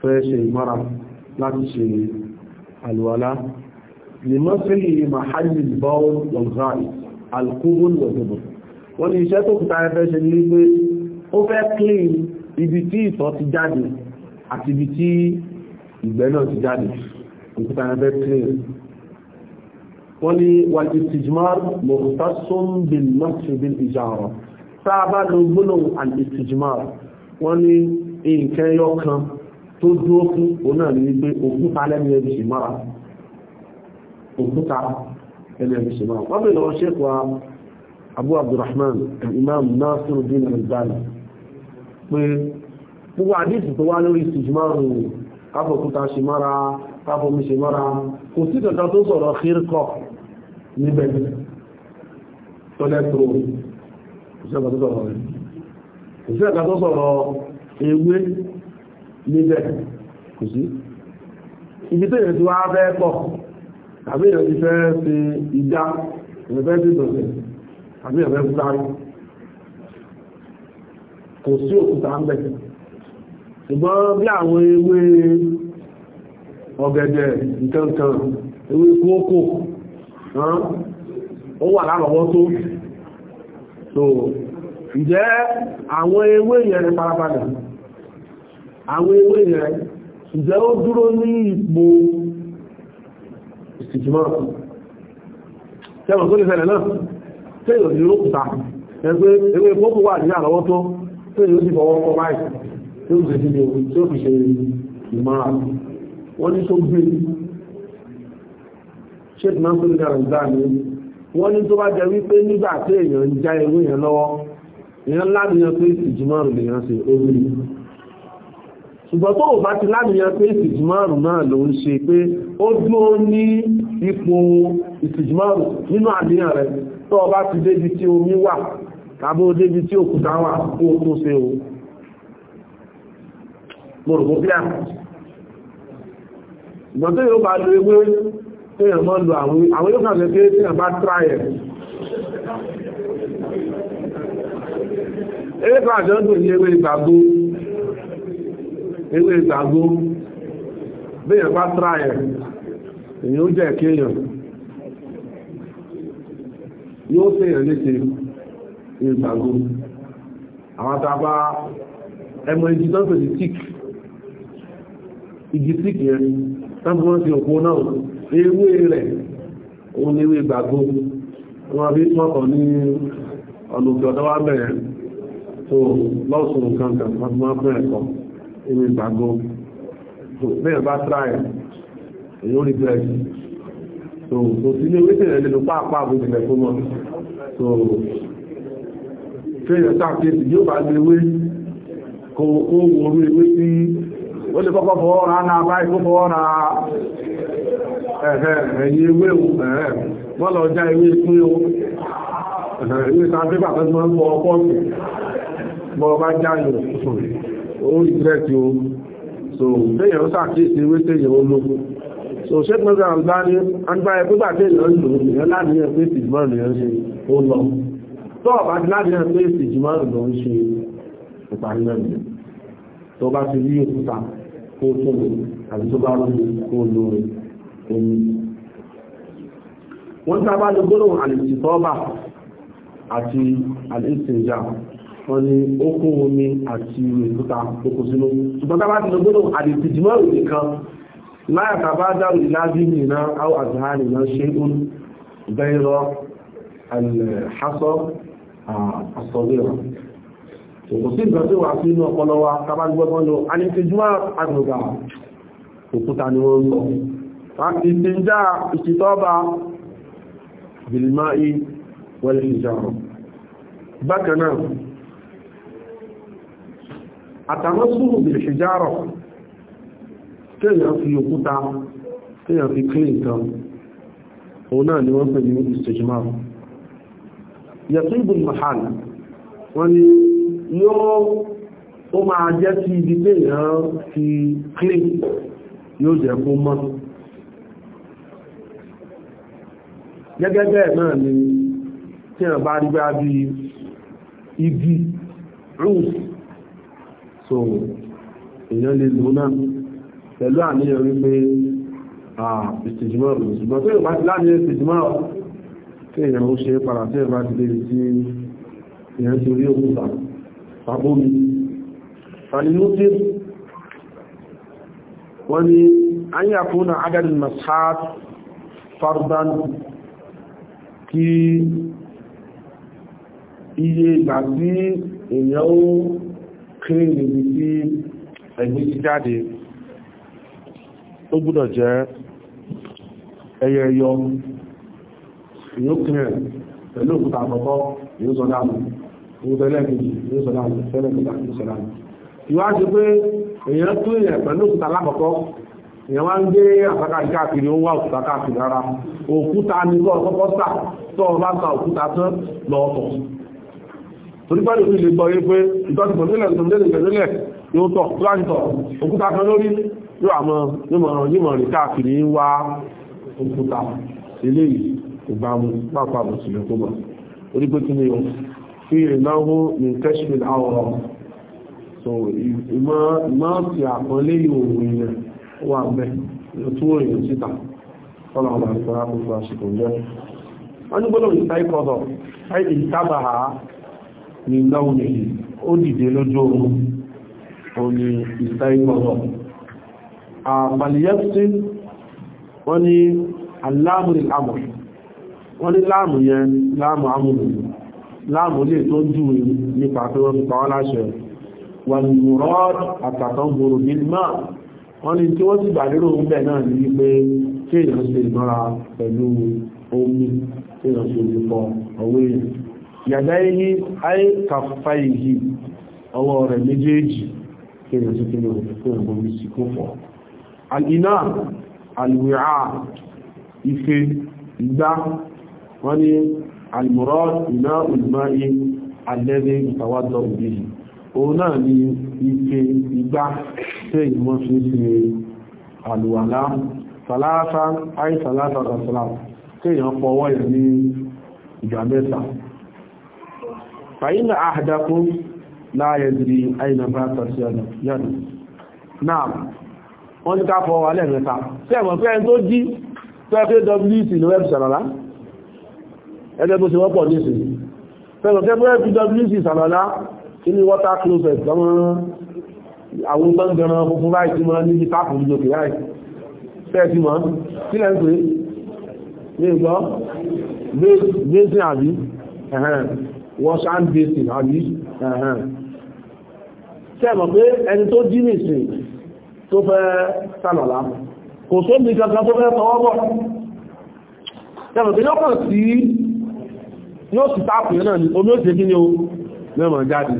fẹ́ ṣe ìmọ́ra láti ṣe àlùwàlá lèmọ́sílì mahalli bọ́ọ̀l wọ̀nzáì alkúhùn wọ̀dọ̀bọ̀ wọ́n ni iṣẹ́ tó kùtà ẹfẹ́ ṣe ní pé ó fẹ́ clean ibi tí ìtọ̀ ti jáde àti ibi tí ìgbẹ́ náà ti jáde kùtà ẹfẹ́ clean wọ́n ni wà ìtìjmar mọ̀tásún bin mọ́sí bin ìjàrọ̀ sáà tó dúró fún òun náà ní wípé òkúta lẹ́nu ẹbí sì mọ́ra òkúta lẹ́nu ẹbí sì mọ́ra wọ́n bèèrè lọ́wọ́ ṣẹ́kù wa abu abdulrahman imam nasiruddin al-Albani pé gbogbo àdéhùn tó wá lórí ìsìnjúmọ́rù káfọ̀kúta sì mọ́ra káfọ̀mí sì mọ́ra kò sí kankan tó sọ̀rọ̀ kírkọ̀ níbẹ̀ tọ́lẹ́tò ewé níbẹ̀ kò sí ibi tó yẹ̀ tí wá fẹ́ pọ̀ tàbí èèyàn ti fẹ́ fi ìdá èèyàn fẹ́ fi tàbí èèyàn fẹ́ fi kò sí òkúta ń bẹ̀ ṣùgbọ́n bí àwọn ewé ọ̀gẹ̀dẹ̀ nǹkankan ewé kókò ó wà lárọ̀wọ́ tó so àwọn ewé yẹn ni parapadà àwọn ewé rẹ̀ ǹjẹ́ ó dúró ní ipò ìsìnkìmọ́ tẹ́mọ̀ tó lè fẹ́lẹ̀ náà tẹ́ ní lókùta ẹgbẹ́ ewé pọ́pù wà ní àlọ́wọ́ tó tẹ́ yóò fọwọ́ pọ́ báyìí wọ́n ní tó bá jẹ wípé nígbà tí èèyàn ń já ewé yẹn lọ́wọ́ èèyàn láàrin pé ìjùmọ̀ rẹ̀ lèèyàn ṣe ó rí ṣùgbọ́n tó bá ti láníyàn pé ìsìjìmáàrù náà ló ń ṣe pé ó dúró ní ipò ìsìjìmáàrù nínú àníyàn rẹ̀ tó bá ti débi tí omi wà tàbí ó débi tí òkúta wà kó tó ṣe o mọ̀rùkú bí i ìgbọ́n tó yóò bá lo ewé tó yàn mọ́ lo àwọn àwọn yóò kàfẹ́ pé tí yàn bá tráyẹ̀ ewé ìgbàgbó bíyàn bá tra ẹ̀ èyàn ó jẹ́ kéèyàn yóò fèèyàn léṣe ìgbàgbó àwọn tàbá ẹmọ igi tó ń pè sí tík igi tík yẹn tàbí wọ́n ti òpó náà ewé rẹ̀ òun ewé ìgbàgbó wọ́n bí mọ́kàn ní ọ̀nà òjò ọ̀dọ́wà bẹ̀rẹ̀ tó lọ́sùn nǹkan kan wọ́n fún ẹ̀kọ́ ewé ìgbàgbó bẹ́ẹ̀ bá tíráì èyí ó rí bẹ́ẹ̀sì so kò sí ní ewé tẹ̀lẹ̀ nínú pàápàá àbújì rẹ̀ fún wọn so fẹ́yẹ̀ sáàkíyèsí yóò bá gbé ewé kó wòrú ewé sí ó lè kọ́kọ́ fọwọ́ ra náà báyìí kó fọwọ́ ra ẹ̀yìn ewé wọ́n lọ já ewé pín o ewé sáà pépà tó ti máa ń fọ ọkọ́ ọ̀sẹ̀ bọ́ bá já yọ̀ ó ìgbẹ́ẹ̀tì o so bẹ́yàn sàkíyèsí wé tẹ́yàn ológun so ṣe pẹ́gbẹ́ àgbáyé agbáyé pípà tẹ́yàn lò èyàn láti yẹn pé ìsìjìmọ́ èyàn ṣe ó lọ tó ọ̀bá ti láti yẹn pé ìsìjìmọ́ lọ ń ṣe ìparí náà nìyẹn tó bá ti rí òkúta kó tó lò àti tó bá rí kó lò omi wọ́n sábà lọ gbọ́dọ̀ àlèsìtọ́ọ́bà àti àlèsìnjà wọ́n ní okun omi àti òkúta okùn sínú ṣùgbọ́n tá bá ti lọ gbọ́dọ̀ àdìtìjìmọ́ òní kan láyà tàbá dárò ìlàbí nìran àwọn àzàárì náà ṣe ń bẹ́rọ alhassan àsọ̀rọ̀ kò sí ìgbà tí wà sí inú ọpọlọ wa tàbá gbọ́gbọ́n lọ àdìtìjìmọ́ àgbègbà òkúta ni wọ́n lọ ìsìnjá ìsìtọ́ba bìlìmáì wọlé ìjọrọ̀ bákan náà àtàwọn súnmù bèèrè ṣe járọ̀ kéèyàn fi òkúta kéèyàn fi kílì nǹkan òun náà ni wọ́n pè ní ìsèjìmá yàtúbù mahal wọ́n ni yóò ó máa jẹ́ sí ibi kéèyàn fi kílì yóò jẹ́ fún mọ́ gẹ́gẹ́ náà ni tí bá rí bá bí igi rúùsì so èèyàn lè lò náà pẹ̀lú àníyàn wípé ìtìjìmọ́rù ṣùgbọ́n tó ìbá ti láàrin ìtìjìmọ́rù tí èèyàn ó ṣe padà tí ìbá ti lérí tí èèyàn ti rí òkúta pàbómi fàlìlútí wọ́n ni anyàkúnà agadin mashat fardan kí iye ìgbà tí èèyàn ó kéré níbi tí ẹ̀gbẹ́ ti jáde ó gbúdọ̀ jẹ́ ẹyẹ ẹyọ yóò kéré pẹ̀lú òkúta àkọ́kọ́ yóò sọ dáàmù yóò pé èèyàn tún yẹ̀ pẹ̀lú òkúta lákọ̀ọ́kọ́ èèyàn wá ń gbé àtàkà káàkiri ó wá òkúta káàkiri rárá òkúta ni kọ́ sà tó òkúta tán lọ́ọ̀tọ̀ torípẹ́lú sí lè gbọ́ wípé ìtọ́sìpọ̀ sílẹ̀ ìtọ́sílẹ̀ yóò tọ̀ plántọ̀ òkúta kan lórí yóò àmọ́ yímọ̀ rí káàkiri ń wá òkúta ilé ìgbàmù pàápàá mùsùlùmí tó mọ̀ orípé tí ni yóò fi ìnáwó ní kẹ́ṣmìl àwọ̀rọ̀ so ìmọ̀ ti àpọ́nlé ìhòòhò ilẹ̀ wà bẹ́ tó èèyàn síta tọ́lá ọmọ àti fọ́nrán fún fún àṣìkò jẹ́ wọ́n ní gbọ́dọ̀ ìta ìkọ̀dọ̀ ìta bàá ní náà ní ó dìde lójú oòrùn òní ìsá ìgbọ̀rọ̀ àmàlìyàtí wọ́n ní aláàmùrí àmọ̀ wọ́n ní láàmù yẹn láàmù àmùrù láàmù lè tó jù nípa pé wọ́n fi pa wọ́n láṣẹ wọ́n ní mùrọ́d àtàtàn gbòrò mímọ́ wọ́n ní tí wọ́n sì gbà lérò ń bẹ̀ náà ní wípé kéèyàn ṣe ìmọ́ra pẹ̀lú omi kéèyàn ṣe omi pọ̀ ọwọ́ èèyàn yàdáyé ayé kàfàyè ọwọ́ rẹ̀ méjèèjì kéèrè sí kéèrè òkèèrè omi sí kó fọ́ al'iná alwira ife igbá wọ́n ni almurọ́ iná olùmáyé alẹ́rẹ́ ìtawádọ́ òbíyì òun náà ni ife igbá tẹ́ ìmọ́ fi ṣe alùwàlá salasa ayé salasa rasalam kéèyàn fọwọ́ yẹ̀ ní ìgbà mẹ́ta fàyínà àdàkún láàyẹ̀dìrí àìnàbá tọ̀sí ọ̀nà yọ̀nà náà wọ́n ní káfọ́ wà lẹ́ẹ̀mẹ́ta tí ẹ̀mọ̀ pé ẹni tó jí wc ní wẹ́bù sàrọ̀lá ẹgbẹ́ bó ṣe wọ́pọ̀ nísìn pẹ̀lú pé wc sàrọ̀lá kí ní water closet lọ́wọ́n àwọn gbọ́ngẹ̀rán funfun láì tí wọ́n níbi táàpù ní òkè láì tẹ́ẹ̀tì mọ́ kí lẹ́ ń pè é ní ìgbọ́ washand basin àbí sẹ́mọ̀ uh-huh. pé ẹni tó jí nìsìn tó fẹ́ sálọ̀lá kò sóbi kankan tó fẹ́ tọwọ́ bọ̀ sẹ́mọ̀ pé yọ́kàn sí yóò sì tápù náà ni omi ó ṣe kí ni o mẹ́mọ̀ jáde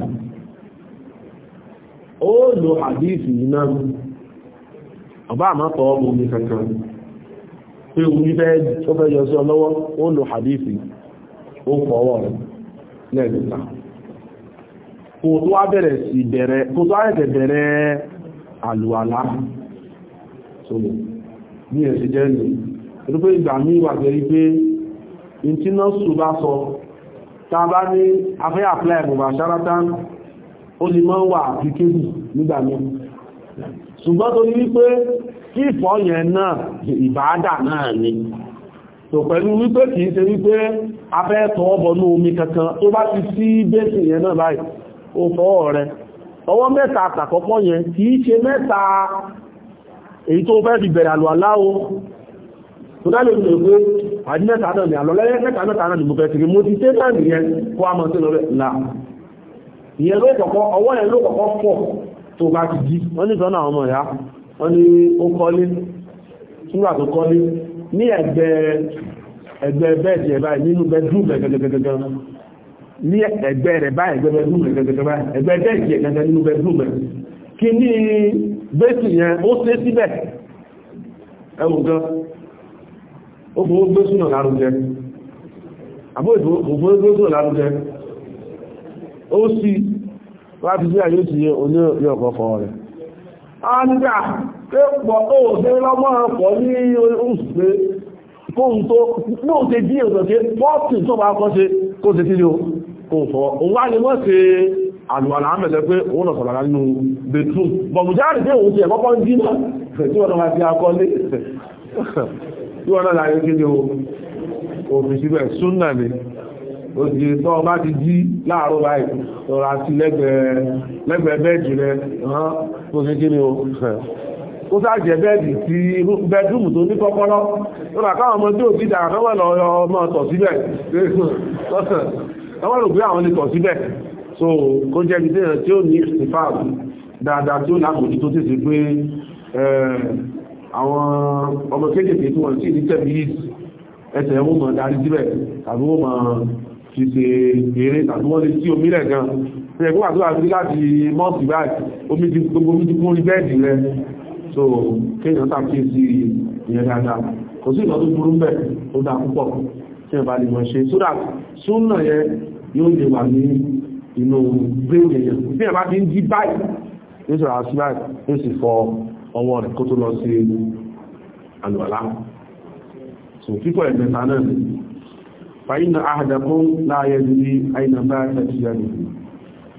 ó lò àdíìsì yìí náà ọba àmọ́ tọwọ́ bọ̀ omi kankan pé omi fẹ́ yọ sí ọlọ́wọ́ ó lò àdíìsì ó fọwọ́ rẹ̀ lẹ́ẹ̀mẹ́ta kò tó wá bẹ̀rẹ̀ sí bẹ̀rẹ̀ kò tó wáyẹ̀ bẹ̀rẹ̀ àlùwàlá so ní ẹ̀sì jẹ́ ní ẹ̀rùpẹ́ ìgbà ní ìwà tẹ́rí pé in tí náà sù bá sọ ta bá ní afẹ́ apply mọ̀bà ṣárátán ó lè mọ́ wà applicable nígbà ní ṣùgbọ́n tó ní wípé kí ìfọ́ yẹn náà ìbáadà náà ni tò pẹ̀lú wípé kìí ṣe wípé afẹ́ tọwọ́ bọnú omi kankan tó bá ti sí bẹ́sì yẹn náà báyìí o fọwọ́ rẹ ọwọ́ mẹ́ta àtàkọ́kọ́ yẹn kìí ṣe mẹ́ta èyí tó fẹ́ fi bẹ̀rẹ̀ àlò aláwo tó dá lórí pé àjí mẹ́ta náà ni àlọ́ lẹ́yẹ́ mẹ́ta mẹ́ta náà ni mo fẹ́ sí mo ti tẹ́ náà nìyẹn kó a mọ̀ sí lọ́rẹ̀ là ìyẹn ló kọ̀kọ́ ọwọ́ yẹn ló kọ̀kọ́ pọ̀ tó bá ti jí wọ́n ní sọ́nà àwọn ọmọ ìyá wọ́n ní ní ẹgbẹ́ ẹgbẹ́ bẹ́ẹ̀dì ẹ̀bá nínú bedroom ẹgbẹ́gbẹ́gbẹ́gbẹ́ ní ẹgbẹ́ rẹ̀ bá ẹgbẹ́ bedroom ẹgbẹ́gbẹ́gbẹ́ ẹgbẹ́ bẹ́ẹ̀dì ẹgbẹ́ nínú bedroom kí ní bẹ́ẹ̀sì yẹn ó sé síbẹ̀ ẹwùn gan ó fún gbésùnà lárúgẹ àbó ìfún gbésùnà lárúgẹ ó sì láti sí àyè pé pọ̀ òṣèré lọ́mọ́ ọ̀pọ̀ ní oṣùpé fóun tó fóun ṣe bí ọ̀sọ̀ ṣe pọ́ọ̀tì tó bá kọ́ ṣe kó ṣe sílé o kò sọ òun wá ní wọ́n ṣe àlùwàlà àmẹ́lẹ́ pé òun lọ sọ̀rọ̀ nínú betrú bọ̀mùjáàrì pé òun ti ẹ̀kọ́kọ́ ń dínà tí wọ́n máa fi akọ́ lé tí wọ́n náà láyé kí ni òfin síbẹ̀ súnà ni òsì tó ọba ti jí láàárọ̀ báyìí tọ́ra sí lẹ́gbẹ̀ẹ́ bẹ́ẹ̀dì rẹ̀ hàn tó ṣe kí ni o kó sáàjẹ́ bẹ́ẹ̀dì tí bẹ́ẹ̀dùmù tó ní kọ́kọ́rọ́ tó rà káwọn ọmọ tí ò sí dàgbà kọ́wọ́ lọ ọmọ tọ̀ síbẹ̀ wọ́n rò pé àwọn lè tọ̀ síbẹ̀ so kó jẹ́ ibi tí ó ní ìfà dáadáa tí ó lágbòjú tó tètè pé àwọn ọmọ kéékèèké tí wọ́n sì ní tẹ̀bí ẹsẹ̀ wọ́n mọ̀ darí síbẹ̀ tàbí wọ́n mọ̀ fi ṣe eré tàbí wọ́n lè sí omi rẹ̀ gan-an ẹgbẹ́ wà tó wà sí láti mọ́ọ̀sì báyìí omi ti kún orí bẹ́ẹ̀dì rẹ̀ so kéèyàn tàbíyèsí ìyẹn dáadáa kò sí ìlọ́dún burú mẹ́ ó dá púpọ̀ tí ẹ bá lè mọ̀ ṣe so that súnà yẹn yóò lè wà ní inú brain èèyàn bí ẹ bá ti ń jí báyìí ní sọ̀rọ̀ àti báyìí ó sì fọ ọwọ́ rẹ̀ kó tó lọ sí àlùwàlá so fífọ̀ ẹ̀mẹ́ta náà fàyínà àhàdàkún láàyẹ lórí àìnàbá àti ìyàdùn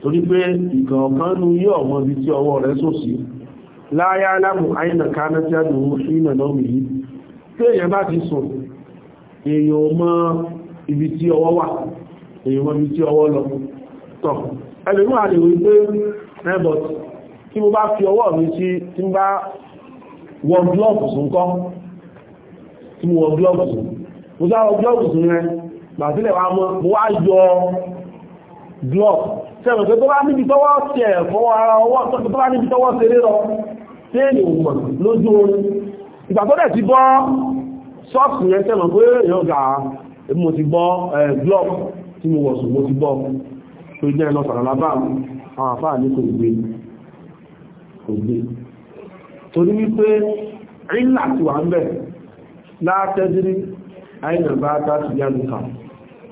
torí pé ìkànkan nu yí ọmọ ibi tí ọwọ́ rẹ̀ sòsí láyá alámù àìnà kánátí àdúgbò sí ìnà náà mìí tí èyàn bá ti sùn èyàn mọ́ ibi tí ọwọ́ wà èyàn mọ́ ibi tí ọwọ́ lọ tọ̀ ẹlùmí àdìwò pé ẹbọ̀t eh, tí mo bá fi ọwọ́ mi sí tí bá wọ glọ́ọ̀bù sùn kọ́ tí mo wọ glọ́ọ̀bù sùn mo sá wọ glọ́ọ̀bù sùn rẹ bàtílẹ̀ wa mọ́ mo wá yọ glọ́ọ̀bù sẹ́wọ̀n pé tó bá níbi tọwọ́ sí fọwọ́ ara ọwọ́ tó bá níbi tọwọ́ tẹ́ẹ̀lì òmùmọ̀ lójú orin ìgbà tó dẹ̀ ti bọ́ sọ́ọ̀sì yẹn tẹ́mọ̀ pé èèyàn gà mo ti bọ́ eh, glove tí mo wọ̀sùn mo ti bọ́ tó jẹ́ ẹ̀nà sàrànlábà àwọn àfáà ní kò gbé kò gbé torí wípé ríńlà ti wà ń bẹ̀ látẹ́dírí àìyàn bá dá sí yálùkà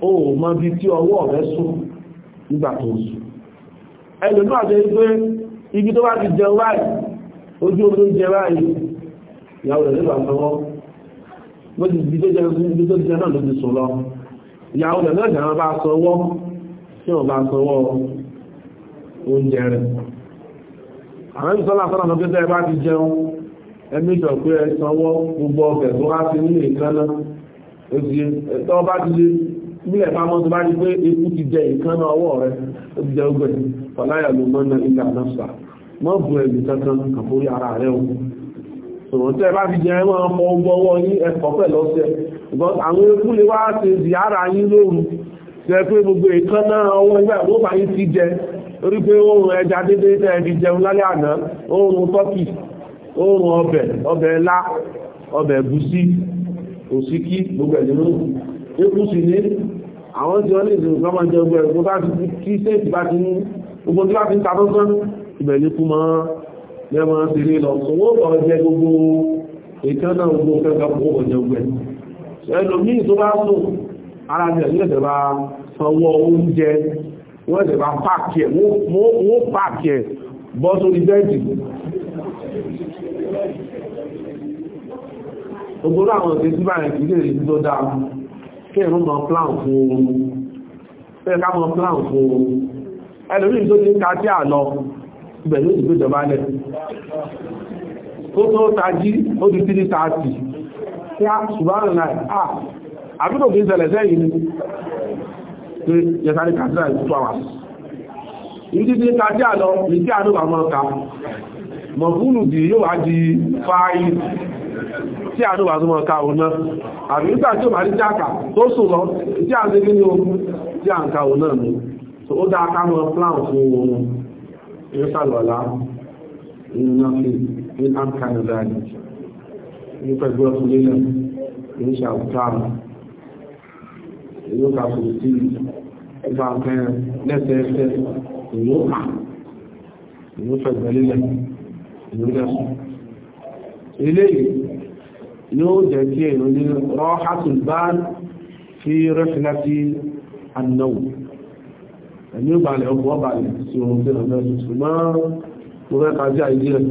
ó mọ́ bí tí ọwọ́ rẹ̀ sùn nígbà tó sùn ẹlòmíà jẹ́ pé ibi tó bá ti jẹun báyìí ojú omi jẹ báyìí ìyàwó rẹ̀ nígbà tọwọ́ bó ti di tó jẹ náà ló sùn lọ ìyàwó rẹ̀ náà jẹ́ bá sanwó tí wọn bá sanwó oúnjẹ rẹ̀ àwọn ìsọ́lá sọ́nà tó kẹ́tẹ́ bá ti jẹun ẹmí jọ pé ẹ sanwó gbogbo ọbẹ̀ tó wá sí nílé ìkánná èsì ẹ̀tọ́ bá ti lé nílẹ̀ pamọ́ tó bá ti pé eku ti jẹ ìkánná ọwọ́ rẹ̀ ó ti jẹ ogbẹ̀ fọláyà ló mọ́ náà ìgbà mọ́ bù ẹ̀gbì kankan kàfórí ara rẹ̀ o sọ̀rọ̀ tẹ́ bá fi jẹ ẹmọ́ ọmọ ọgbọ́wọ́ ní ẹ̀kọ́ pẹ̀ lọ́sẹ̀ àwọn eku lè wá ṣe zì ara yín lóru ṣe pé gbogbo ìkan náà ọwọ́ ìgbà tó bá yín ti jẹ torí pé oòrùn ẹja dédé tẹ́ fi jẹun lálẹ́ àná oòrùn tọ́kì oòrùn ọbẹ̀ ọbẹ̀ ńlá ọbẹ̀ ẹ̀gúsí òsíkí gbogbo ẹ̀ nínú eku sì ní àwọn tí wọ́n lè dùn kọ́mọ jẹun gbogbo ẹ̀ gbogbo bá ti kí sẹ́ẹ̀tì bá ti ní gbogbo tí wọ́n ti ń ta tọ́tọ́ ibẹ̀ kú máa lẹ́mọ́ sílé lọ wọ́n bọ̀ jẹ gbogbo ìkánná gbogbo kẹta ọjọ́ gbẹ̀ ẹlòmíì tó bá sùn ara rẹ̀ ní àwọn ọ̀sẹ̀ tí báyìí kìí lè tó dáa kí mọ̀ plan fún oorun ẹ̀ká mọ̀ plan fún oorun ẹlòmíì tó ti ń ka sí àlọ́ ibẹ̀ ló ti gbéjọba lẹ̀ tó tó tají ó di tí ní tààtì tí a ṣùgbọ́n náà à àbúrò kìí ṣẹlẹ̀ sẹ́yìn ní pé yẹsàrí kàtíra ìtútù àwà ìdí tí tàjí àlọ ní tí àdó bá mọ́ ta mọ̀fúnù dì yóò wá di fáyí tí àdó bá mọ́ ta òun náà àbí nígbà tí ó bá rí jáka dá ká mọ́ plan fún ohun yóò sàlọ́lá nínú náà fi ní àǹkàní dáadé ní pẹ̀lú ọ̀tún lílẹ̀ ní ṣàwùtáàmù yóò kàfù sí ẹgbà ọ̀fẹ́ lẹ́sẹẹsẹ ìlú kà ìlú fẹ̀gbẹ̀ lílẹ̀ ìlú lẹ́sùn ilé yóò jẹ́ kí èèyàn ní rọ́hásùn bá fi ẹ̀mí ó balẹ̀ ọkọ̀ balẹ̀ sí ohun tí ọ̀dọ́ ti ṣùgbọ́n mo fẹ́ ka sí àìdí ẹ̀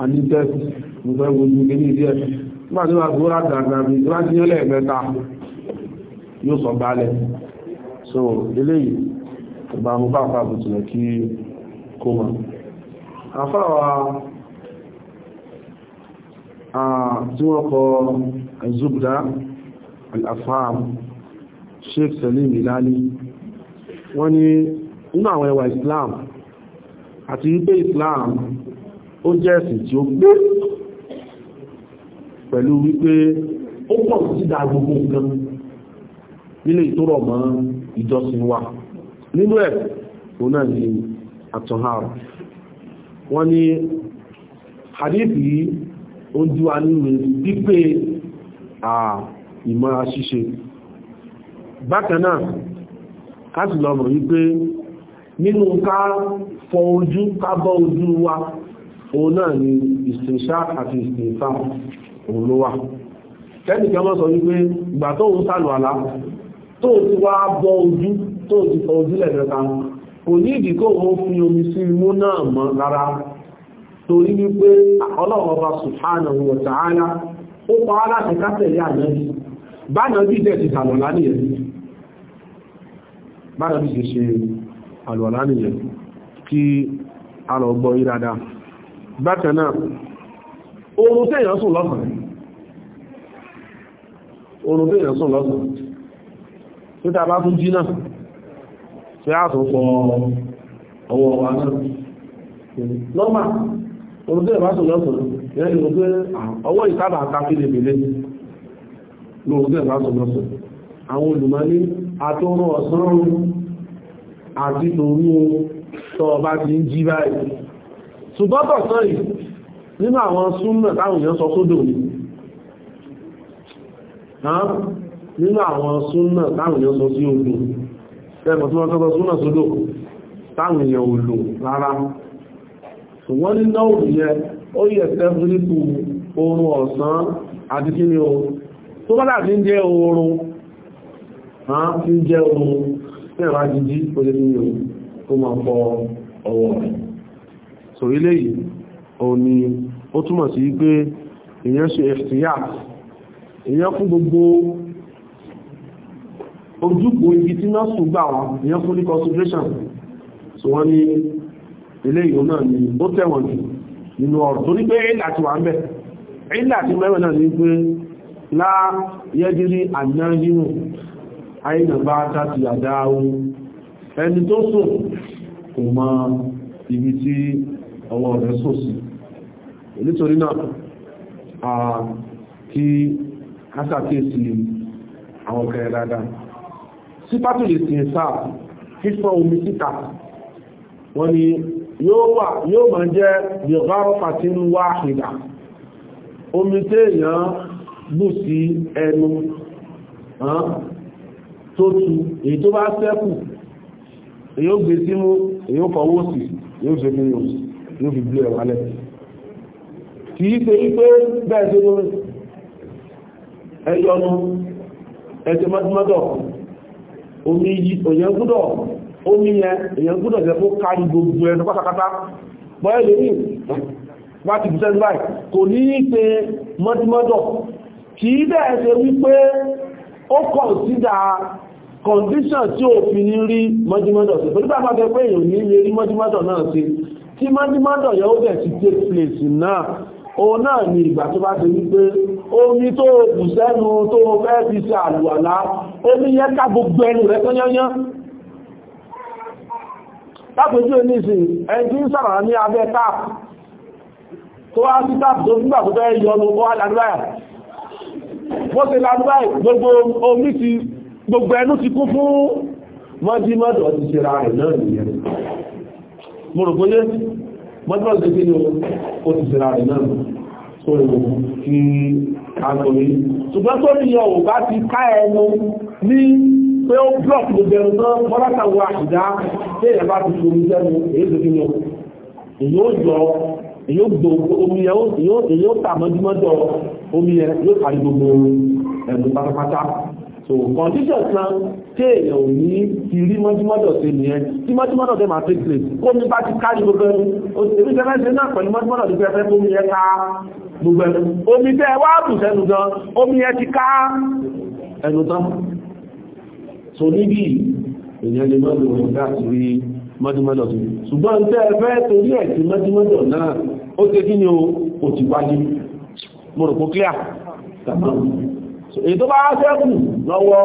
àní tẹ́sí mo fẹ́ wojú kíní díẹ̀ nígbà tí wàá gbóra dàgbà mi yóò sọ balẹ̀ so eléyìí ọba mo bá fa àbùtùlẹ̀ kí kó mọ̀ àfáwà tí wọ́n kọ ẹ̀zúbdá al-afham sheikh salim ilali wọ́n ní nínú àwọn ẹwà Islam àti wípé Islam ó jẹ́ ẹ̀sìn tí ó gbé pẹ̀lú wípé ó pọ̀ sí dá gbogbo nǹkan nílé ìtòrọ̀ mọ́ ìjọsìn wa nínú ẹ̀ òun náà ni àtọ̀hárọ̀ wọ́n ní hadithi yìí ó ń dúwa nínú pípé ìmọ̀ra ṣíṣe bákan náà káàsì lọ mọ̀ wípé nínú ká fọ ojú kábọ́ ojú wa òun náà ni ìsìnṣá àti ìsìnṣá òun ló wà kẹ́nìkan mọ́ sọ wípé ìgbà tó ń sàlù àlá tó ti wá bọ́ ojú tó ti fọ ojú lẹ́ẹ̀mẹ́ta kò ní ìdí kó òun fi omi sí imú náà mọ́ rárá torí wípé ọlọ́run ọba subhanahu wa ta'ala ó pa á láti kátẹ̀lé ànábì bá ànábì dẹ̀ ti sàlù àlá nìyẹn bára bí ṣe alwàlá nìyẹn kí alọ̀ gbọ́ yí dáadáa bákan náà oorun tẹ́yàn sùn lọ́sàn oorun tẹ́yàn sùn lọ́sàn tí ta bá tún jí náà tí a tún fọ ọwọ́ wa náà lọ́mà oorun tẹ́yàn bá sùn lọ́sàn yẹn ni mo gbé ọwọ́ ìsábà ká kí lè bèlè lóòrùn tẹ́yàn bá sùn lọ́sàn àwọn olùmọ́ ní àtòrò ọ̀sán àti tòrú tọ́ ọba ti ń jí báyìí ṣùgbọ́tọ̀ sọ yìí nínú àwọn súnmọ̀ táwọn èèyàn sọ sódò ní nínú àwọn súnmọ̀ táwọn èèyàn sọ sí odò ẹgbẹ̀ tí wọ́n tọ́tọ́ súnmọ̀ sódò táwọn èèyàn ò lò rárá ṣùgbọ́n nínú òyẹ ó yẹ sẹ́fúrípù máa fi jẹ́ ohun tí ẹ̀rọ ajíjí ó lé ohun tó máa fọ ọwọ́ rẹ̀ so ilé yìí o ni ó túmọ̀ sí pé èyàn ṣe ẹ̀fìyà èyàn fún gbogbo ojúkò ibi tí náà sùn gbà wọn èyàn fún ní consideration so wọ́n ní ilé ìhò náà ni ó tẹ̀wọ̀n jù nínú ọ̀rọ̀ tó ní pé ìlà ti wà ń bẹ̀ ìlà mẹ́rin náà ní pé láyẹ́dìrí ànáyínú àìnà bá tàbí àdáwó ẹni tó sọ kò mọ ibi tí ọwọ́ rẹ̀ sọ sí nítorí náà kí a sàkíyèsí àwọn kẹrẹ dáadáa sípàtò lè sin sáà fífọ́ omi síta wọ́n ni yóò máa jẹ́ bíọ̀gáwọ́pàá tí ń wá àṣìdà omi tí èèyàn bù sí ẹnu tó tu èyí tó bá sẹ́kù èyí ó gbé símú èyí ó fọwọ́ sí èyí fi gbé yóò yóò fi gbé ẹ̀wà kì í ṣe wípé bẹ́ẹ̀ tó ẹyọnu ẹsẹ̀ omi yí òyìn gúdọ̀ omi yẹn èyàn gúdọ̀ jẹ́ kárí gbogbo ẹnu pátápátá báyìí kò ní í ṣe mọ́tọ́mọ́tọ́ kì í bẹ́ẹ̀ condition tí ò fi ní rí mọ́júmọ́dọ̀ sí pẹ̀lú bàbá pé èèyàn ní lè rí mọ́júmọ́dọ̀ náà sí tí mọ́júmọ́dọ̀ yẹn ó bẹ̀ sí take place náà òun náà ni ìgbà tó bá ti wípé omi tó bù sẹ́nu tó fẹ́ fi ṣe àlùwàlá omi yẹn ká gbogbo ẹnu rẹ̀ tó yányán lápòjú oníṣìn ẹni tí ń sàrà ní abẹ́ táàpù tó wá sí táàpù tó nígbà tó fẹ́ yọ wá ládúráyà ti gbogbo ẹnu ti kún fún mọ́dímọ́dọ̀ ti ṣe ra rẹ̀ náà nìyẹn mo rò gbóyé mọ́dímọ́dọ̀ ti kíni ó ti ṣe ra rẹ̀ náà tó rò kí àgbòrí ṣùgbọ́n tó ní ọ̀wọ̀ bá ti ká ẹnu ní pé ó blọ́ọ̀kì gbogbo ẹnu tán mọ́látàwọ̀ àṣìdá pé ẹ̀ bá ti ṣomi sẹ́nu èyí tó kíni èyí ó yọ èyí ó so condition kan tí èèyàn ò ní ti rí mọ́júmọ́dọ̀ sí nìyẹn tí mọ́júmọ́dọ̀ tẹ́ máa take place ó ní bá ti kárí gbogbo ẹnu èmi tẹ́ fẹ́ ṣe náà pẹ̀lú mọ́júmọ́dọ̀ tó fẹ́ fẹ́ fún mi ẹ ká gbogbo ẹnu omi tẹ́ wá bù sẹ́nu gan omi ẹ ti ká ẹnu tán so níbi èèyàn lè mọ́júmọ́dọ̀ láti rí mọ́júmọ́dọ̀ sí ṣùgbọ́n tẹ́ fẹ́ torí ẹ̀ sí mọ́júmọ́dọ̀ náà ó ṣe kí ni o ò ti wáyé mo rò pó clear èyí tó bá sẹ́kù lọ́wọ́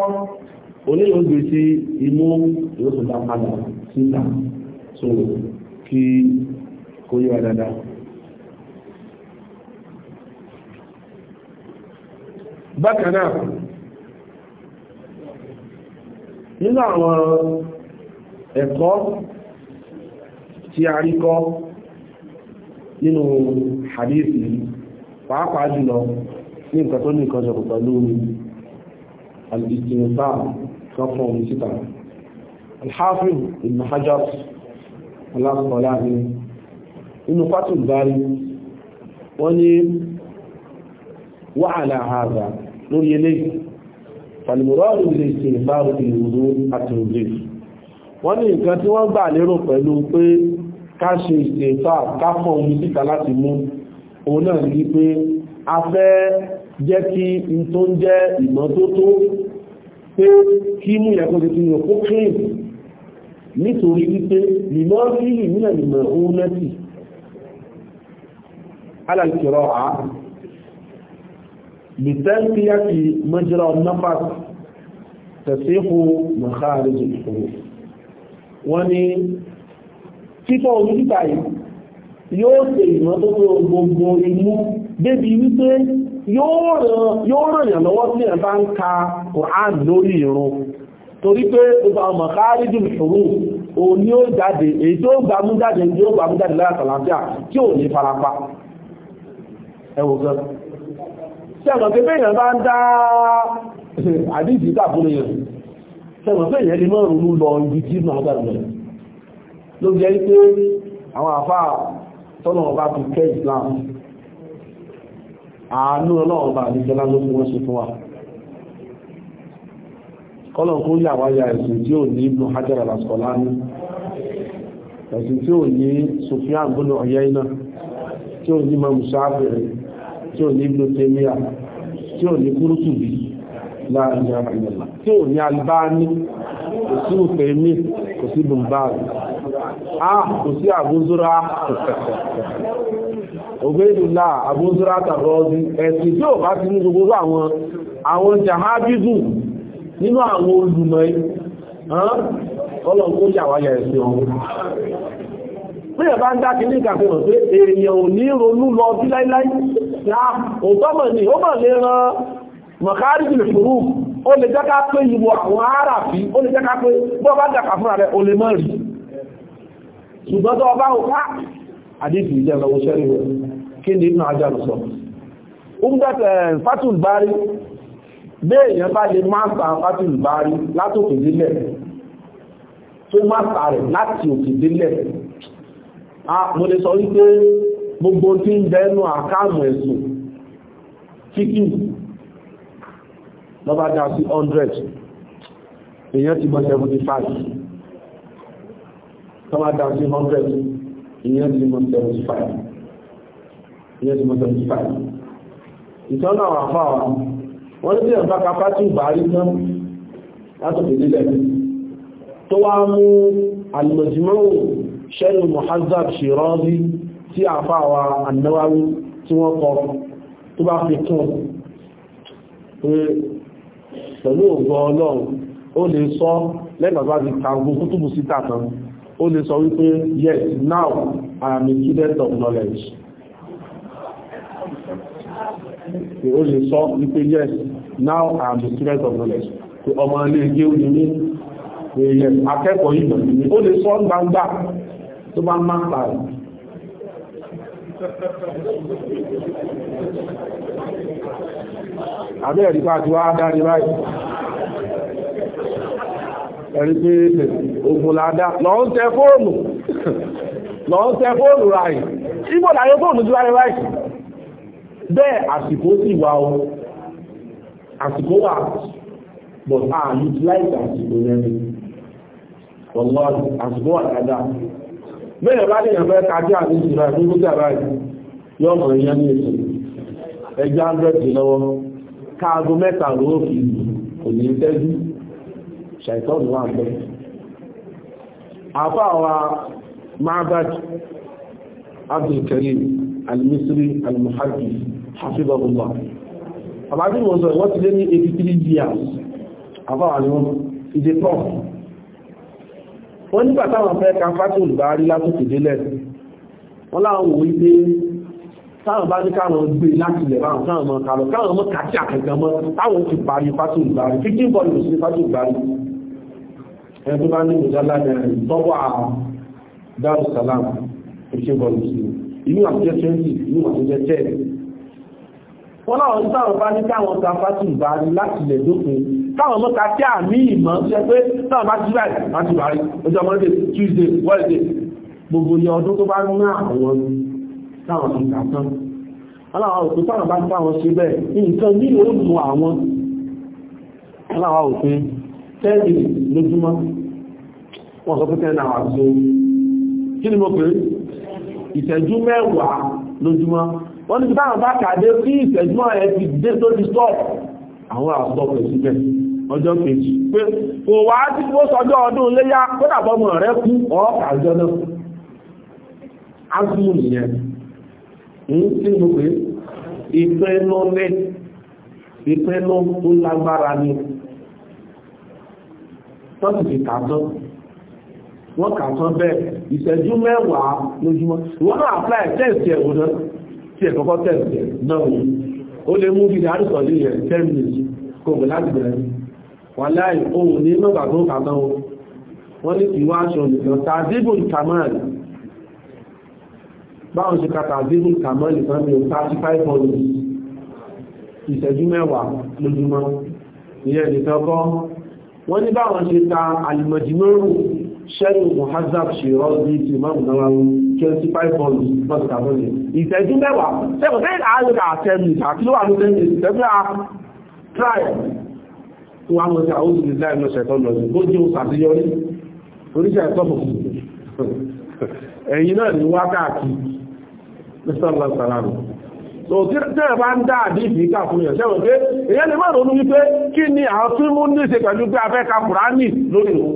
oníyóògbé sí imú ìlóṣù bá padà síta so kí kó yíwa dáadáa bákan náà nínú àwọn ẹ̀kọ́ tí a rí kọ́ nínú hadith pàápàá jùlọ ní nǹkan tó ní nǹkan sọ̀rọ̀ pẹ̀lú alìsìnìfà sọ́fún omi síta alhafiz ibn hajar alákọ̀ọ́lá ni inú pátù bari wọ́n ní wàhálà àhàzà lórí eléyìí fàlìmùrọ́ọ̀lù lè ṣe ìbáru ìrùrù àti òjè wọ́n ní nǹkan tí wọ́n gbà lérò pẹ̀lú pé ká ṣe ìṣẹ̀fà ká fọ́ omi síta láti mú òun náà ní pé a fẹ́ jẹ́ kí n tó ń jẹ́ ìmọ́tótó pé kí mú yẹ kó ti tún yọkó clean nítorí wípé mímọ́ sí ìmúnà ìmọ̀ òun lẹ́tì alàìkìrọ̀ à lìtẹ́ǹkì yàtì mọ́jírọ̀ nọ́fà tẹ̀síhù mọ̀háàrẹ́jì ìfòrò wọ́n ni títọ́ orí yóò ṣe ìmọ́tótó gbogbo imú débi wípé yóò ràn lọ́wọ́ sí ẹ̀ bá ń ka Quran lórí ìrun torí pé gbogbo àwọn mọ̀kárí jù ṣòro o ní ó jáde èyí tó gbàmú jáde ní ó gbàmú jáde lára tàlàfíà tí ò ní farapa ẹwọ gan sẹ́mọ̀ pé bẹ́yàn bá ń dá àdíjì tàbúrú yẹn sẹ́mọ̀ pé èyàn lè mọ́ ronú lọ ibi tí mà á dàgbẹ̀ ló jẹ́ pé àwọn àfáà tọ́nà ọba ti kẹ́ Islam àánú ọlọ́run bá àdíjẹ́ lánà tí wọ́n ṣe fún wa kọ́lọ̀n kó yà wáyà ẹ̀sùn tí ò ní ibùn Hajar al-Asqalani ẹ̀sùn tí ò ní Sufyan ibn Uyayna tí ò ní Imam Shafi'i tí ò ní Ibn Taymiyyah tí ò ní Qurtubi la tí ò ní Albani kò sí Uthaymeen ògbédùlá àbúzúrátà rọ́ọ̀dí ẹ̀sìn tí ó bá ti ní gbogbo àwọn àwọn jàhábìdù nínú àwọn olùmọ̀ ọlọ́nkó yàwáyà ẹ̀sìn ọ̀hún bí ẹ̀bá ń dákì ní ìkàfihàn pé èèyàn ò ní ronú lọ bí ni ó mọ̀ lè ran mọ̀káríjì ìṣòro ó lè jẹ́ká pé ìwọ àwọn ará fi ó lè jẹ́ká pé bọ́ bá dàkà fúnra rẹ̀ ó lè mọ́ rí ṣùgbọ́n tó ọba àdíjì ìjẹ́ lọ́wọ́ sẹ́rí rẹ̀ kí ni Ibn Hajar sọ umdata eh, Fathul Bari béèyàn bá lè máta Fathul Bari látòkè délẹ̀ tó máta rẹ̀ láti òkè délẹ̀ mo lè sọ wípé gbogbo tí ń bẹ́ẹ̀nu àkáàmù ẹ̀sùn kíkì lọ́bá dá sí 100 èèyàn ti bọ́ 75 tọ́bá dá sí 100 ìyẹn ti mọ seventy five ìyẹn ti mọ seventy five ìtọ́nà àwọn afá wa wọ́n ní ẹ̀fà kápá tí ìbá rí tán látòkè nílẹ̀ tó wá mú alìmọ̀jìmọ́ ṣẹ́lù mohazab ṣìrọ́bí tí àfá wa annáwáwí tí wọ́n tó bá fi kún pé pẹ̀lú ògbọ́ ọlọ́run ó lè sọ lẹ́gbàgbà ti kàgbó kútùbù síta kan ó lè sọ wípé yes now I am a student of knowledge ó lè sọ wípé yes now I am a student of knowledge pé ọmọ ilé ìgbé ó ní ní pé yes akẹ́kọ̀ọ́ ìgbà ní ó lè sọ gbangba tó bá ń máa pààrọ̀ àbẹ́ ẹ̀rí pàtíwá dárí báyìí ẹ̀rí pé ogun ládá lọ ń tẹ fóònù lọ ń tẹ fóònù ráì ibò láyé fóònù tí wáyé ráì bẹ́ẹ̀ àsìkò sì wà o àsìkò wà but a utilize àsìkò yẹn ọ̀lọ́ àsìkò wà bẹ́ẹ̀ bá fẹ́ àti ìṣúra lọ́wọ́ mẹ́ta ṣàìtọ́nù wà ń bẹ́ àfá wa Ma'bad Abdulkarim al-Misri al-Muhaddi hafizahullah àbájú wọn sọ wọ́n ti lé ní 83 years àfá wa ni wọ́n ti dé tọ́ wọ́n nígbà táwọn fẹ́ ka fásitì olùbárí látòkè délẹ̀ wọ́n láwọn wò wípé táwọn bá ní káwọn gbé láti lẹ̀ báwọn káwọn mọ́ kálọ̀ káwọn mọ́ kàtí àkẹ́kẹ́ mọ́ táwọn ti parí fásitì olùbárí 15 bọ́ọ̀lù sí fásitì olùbárí ẹni tó bá ní mùsálà mẹ́rin tọ́wọ́ àwọn dáàrù sàlám ìṣe bọ̀lù sí inú àtúnjẹ 20 inú àtúnjẹ 10 wọ́n láwọn sáwọn bá ní káwọn ta fásitì bá ní láti lè dópin káwọn mọ́ ta kí àmì ìmọ̀ ṣe pé náà bá ti báyìí láti bá rí ọjọ́ monday tuesday wednesday gbogbo ní ọdún tó bá ń ná àwọn táwọn ti kà tán aláwọ̀ òfin táwọn bá ń táwọn ṣe bẹ́ẹ̀ nǹkan ní òògùn àwọn aláwọ̀ òfin tẹ́lì lójúmọ́ wọ́n sọ pé tẹ́lì àwọn àṣọ kí ni mo pè ìṣẹ́jú mẹ́wàá lójúmọ́ wọ́n ní báwọn bá kàdé kí ìṣẹ́jú mọ́ ẹ ti dé tó ti stop àwọn àṣọ pẹ̀ síbẹ̀ ọjọ́ kejì pé kò wá tí ó sọjọ́ ọdún léyá kó dàbọ́mọ̀ rẹ kú ọ̀ọ́kà àjọ náà á kú nìyẹn ń tí mo pè ìpinnu ní ìpinnu tó lágbára ni tọ́sí fi kàtọ́ wọ́n kàtọ́ bẹ́ẹ̀ ìṣẹ́jú mẹ́wàá lójúmọ́ wọ́n náà apply tẹ́ẹ̀sì ẹ̀ wọ́n náà tí ẹ̀ kọ́kọ́ tẹ́ẹ̀sì ẹ̀ náà yìí ó lè mú bíi àrísọ̀ lè yẹ ten minutes kò bẹ̀ láti bẹ̀rẹ̀ wà láì ohun ní mẹ́wàá tó kàtọ́ o wọ́n ní kí wá aṣọ nìkan tàdébù kamal báwọn ṣe ka tàdébù kamal nìkan ní thirty five minutes ìṣẹ́jú mẹ́wàá lójúmọ́ ìyẹn nìkan kọ́ wọ́n ní báwọn ṣe ta alìmọ̀dìmọ́rù ṣẹ́rù mohazab ṣèrọ́dí ti mọ́mù náà wọ́n 25 bọ́ọ̀lù bọ́ọ̀lù àbọ́lù ìṣẹ́jú mẹ́wàá sẹ́wọ̀n fẹ́ àárẹ̀ àtẹ́lù àkílówà ló tẹ́lẹ̀ ìṣẹ́jú à try tó wà mọ́ sí àwọn òṣèlú láì lọ ṣẹ̀tọ́ lọ sí bó jẹ́ òṣàṣeyọrí oríṣẹ́ ẹ̀tọ́ bọ̀ ẹ̀yìn náà ni wákàtí mr lọ́sàlámù so tí ẹ̀ bá ń dá àdífì ká fún yẹ̀ sẹ́wọ̀n pé èyẹ́ lè máa ronú wípé kí ni àwọn tí mú ní ṣe pẹ̀lú pé afẹ́ ka kùránì lórí wọn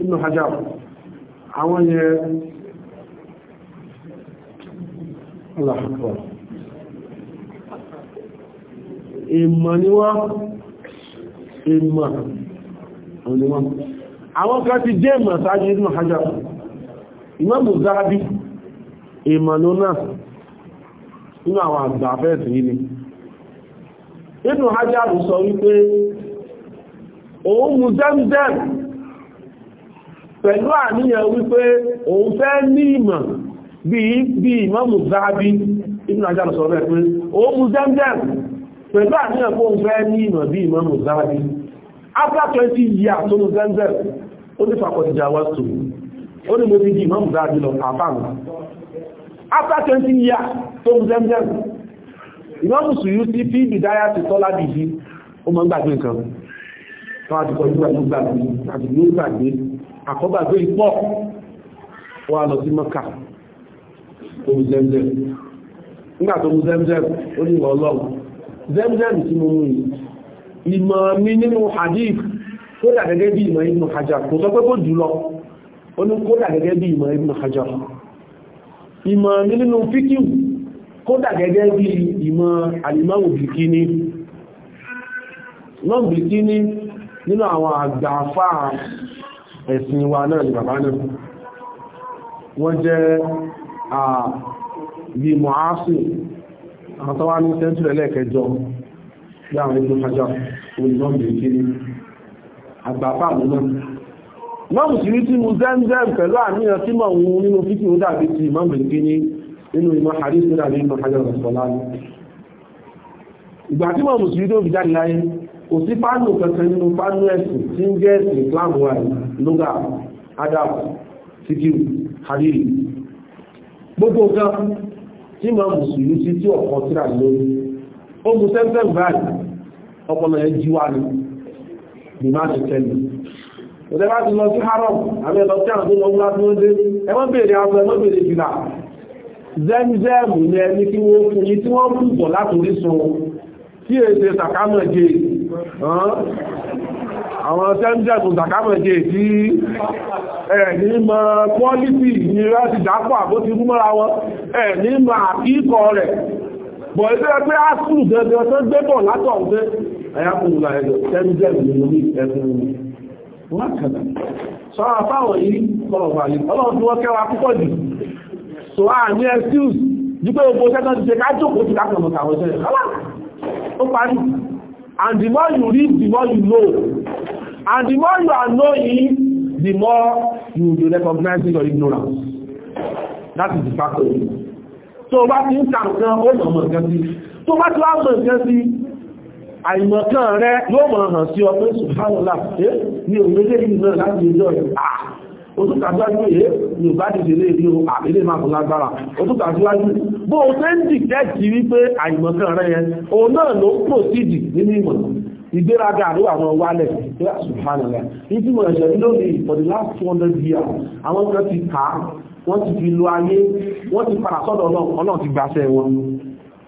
inú hajjab àwọn yẹn aláàpọ̀ ìmọ̀ ni wọ́n ìmọ̀ ni wọ́n àwọn kan ti jẹ́ ìmọ̀ sáájú inú hajjab ìmọ̀ mú ìmọ̀ lónáà nínú àwọn àgbà fẹ́ẹ̀sì yìí ni nínú hajjáàrù sọ wípé òun mú zemzem pẹ̀lú àníyàn wípé òun fẹ́ ní ìmọ̀ bí ìmọ̀mù záábí nínú hajjáàrù sọ rẹ̀ pé òun mú zemzem pẹ̀lú àníyàn kó òun fẹ́ ní ìmọ̀ bí ìmọ̀mù záábí after 20 years tó mú zemzem ó ní fàkọ̀tìjà wọ́n tó ó ní mo ti di ìmọ̀mù záábí lọ àbáwọn after 20 years tó mú zẹ́mzẹ́m ìwọ́n mùsùlùmí sí fi ìdáyà ti tọ́lá dìdí ó mọ́ gbàgbé nǹkan wọ́n ti kọjú àti gbàgbé àti ní gbàgbé àkọ́gbàgbé ipọ́ wọ́n lọ sí mọ́kà tó mú zẹ́mzẹ́m nígbà tó mú zẹ́mzẹ́m ó ní ìwọ̀ ọlọ́run zẹ́mzẹ́m tí mo mú ìmọ̀ mi nínú hadith kódà gẹ́gẹ́ bí ìmọ̀ Ibn Hajar kò sọ pé kó jùlọ ó ní kódà gẹ́gẹ́ bí ìmọ̀ Ibn Hajar ìmọ̀ mi nínú fíkíù kódà gẹ́gẹ́ bí ìmọ̀ alìmáwò bìkíní náà bìkíní nínú àwọn àgbàfà ẹ̀sìn wa náà ni bàbá náà wọ́n jẹ́ bí mọ̀ásì àwọn tó wá ní sẹ́ntúrẹ̀ lẹ́ẹ̀kẹjọ bí àwọn ìgbòkájá olùgbọ́n bìkíní àgbàfà mọ́ náà mọ́mù sí rí tí mu zẹ́mzẹ́m pẹ̀lú àníyàn tí mọ̀ òun nínú fífi ó dàbí ti mọ́mù lè ní nínú ìmọ̀ àrí sí dàbí ìmọ̀ àjọ ìsọ̀lá ní ìgbà tí mọ̀mù sí rí tó fi jáde láyé kò sí fánù kankan nínú fánù ẹ̀sìn tí ń jẹ́ ẹ̀sìn Islam wa lóga adab sikiru hariri gbogbo nǹkan tí mọ̀mù sí rí sí tí ọ̀kan tíra lórí ó mu zẹ́mzẹ́m báyìí ọpọlọ yẹn jíwá ni bí má ti tẹ́lẹ̀ òtẹ́ bá ti lọ sí haram àbẹ́ lọ sí àwọn tó lọ múlá tí wọ́n dé ẹwọ́n bèèrè aṣọ ẹwọ́n bèèrè jìlá zemzemu ni ẹni tí wọ́n fún yí tí wọ́n fún bọ̀ látòrí sun tí èsè sàkámọ̀jẹ àwọn zemzemu sàkámọ̀jẹ tí ẹ̀ní mọ̀ pọ́lítì ní rẹ́sì dápọ̀ àbótí múmọ́ra wọn ẹ̀ní mọ̀ àkíkọ rẹ̀ bọ̀ ẹgbẹ́ pé á sùn gẹ́gẹ́ tó gbé bọ̀ látọ̀ wọ́n kàdà sọ́rọ̀ fáwọn yìí lọ́wọ́ àlè ọlọ́run tí wọ́n kẹwàá púpọ̀ jù so a ní excuse ní pé gbogbo ṣẹ́tọ́ ti ṣe ká jókòó ti lápọ̀mọ̀ àwọn ṣẹ́rẹ̀ kọ́lá ó parí and the more you read the more you know and the more you are knowing the more you will recognize your ignorance that is the fact of it tó bá ti ń kà nǹkan ó mọ̀ mọ̀ nǹkan sí tó bá ti wá mọ̀ àìmọ̀kán rẹ yóò mọ̀ hàn sí ọpẹ́ ṣùgbọ́nlá pé eh, ní òmìnirẹ́ ìlú náà láti ilé ọ̀yọ̀ àà òtútàjúwájú èyí ni bá ti délé ní àbílé máa fún lágbára òtútàjúwájú bó o tẹ́ ń dìtẹ́ẹ̀tì wípé àìmọ̀kán rẹ yẹn òun náà ló pòsídì nínú ìmọ̀ ìgbéraga àríwá àwọn wálẹ̀ pé ṣùgbọ́nlá ìdí mọ̀ ẹ̀ṣẹ̀ lónìí for the last 200 years àwọn kan ti kà á wọ́n ti fi lo ayé wọ́n ti padà sọ́dọ̀ ọlọ́run ti gbàṣẹ wọn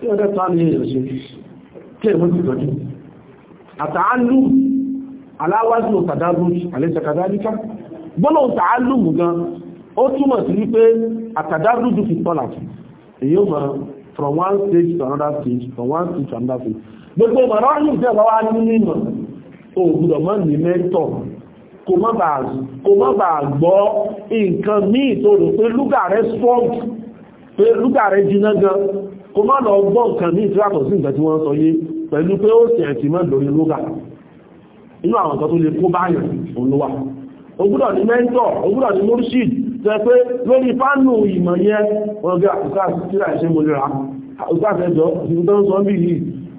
tí ọdẹ́ tó àmì èèyàn ṣe tí èmú ti tọ́jú àtàálù aláwájú tàdágún àlẹ́sẹ̀kàdáríká gbọ́nà tàálù mú ó túmọ̀ sí wípé àtàdágún fi tọ́lá èyí from one stage to another stage from one stage to another stage gbogbo ìmọ̀ràn ní ìfẹ́ bá wá ní mímọ̀ o gbọ́dọ̀ mọ́ ní mẹ́tọ̀ kò má bàa gbọ́ nǹkan míì tó rò pé lúgà rẹ̀ strong pé lúgà rẹ̀ jiná gan kó má lọ gbọ́ nǹkan ní ìtìrátọ̀ sí nǹkan tí wọ́n sọ yé pẹ̀lú pé ó sì ẹ̀tì mọ́ lórí lóga inú àwọn nǹkan tó lè kó báyàn olówà ó gbọ́dọ̀ ní mẹ́ńtọ̀ ó gbọ́dọ̀ ní múrṣìd tẹ́ pé lórí fánù ìmọ̀ yẹn wọ́n gbé àkùkà síra ìṣẹ́ mo lè ra àkùkà fẹ́jọ́ ìṣẹ́ tó ń sọ bí yìí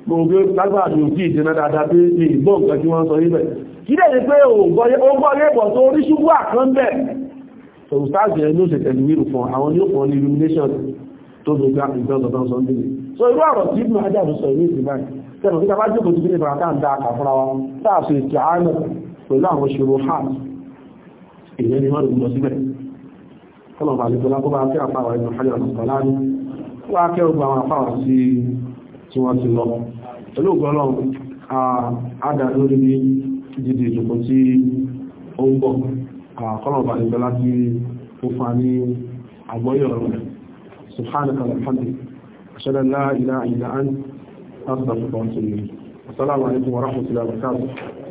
mo gbé lágbàdo kí ìdènà dáadáa pé lè gbọ́ nǹkan tí wọ́n sọ yé bẹ̀ kí dẹ̀ ni pé ó gbọ́ yé pọ̀ tó oríṣiríṣi àkànbẹ̀ tòun sáàjẹ́ ló ṣe tẹ̀lú wíru fún àwọn ní ó fún illumination tó ló gbá ìjọ́sọ̀tọ́ sọ nílé so irú ọ̀rọ̀ tí ìbùn ajáàbù sọ ìlú ìsìn báyìí tẹ́lọ̀ tí kábá jókòó ti gbé ìbára tá ń da àkàfúnra wa táàsù ìtì àánà pẹ̀lú àwọn ṣòro hàn ìyẹn ni wọ́n lọ síbẹ̀ tọ́lọ̀ bá lẹ́gbọ́n lákó bá kẹ́ àpáwà ìlú hajjá lọ́sọ̀lá ní wá kẹ́ ogun àwọn àpáwà tí ó fa ní àgbọ́yọ̀ rẹ̀ سبحانك وبحمدك أشهد أن لا إله إلا أنت أستغفرك وأتوب السلام عليكم ورحمة الله وبركاته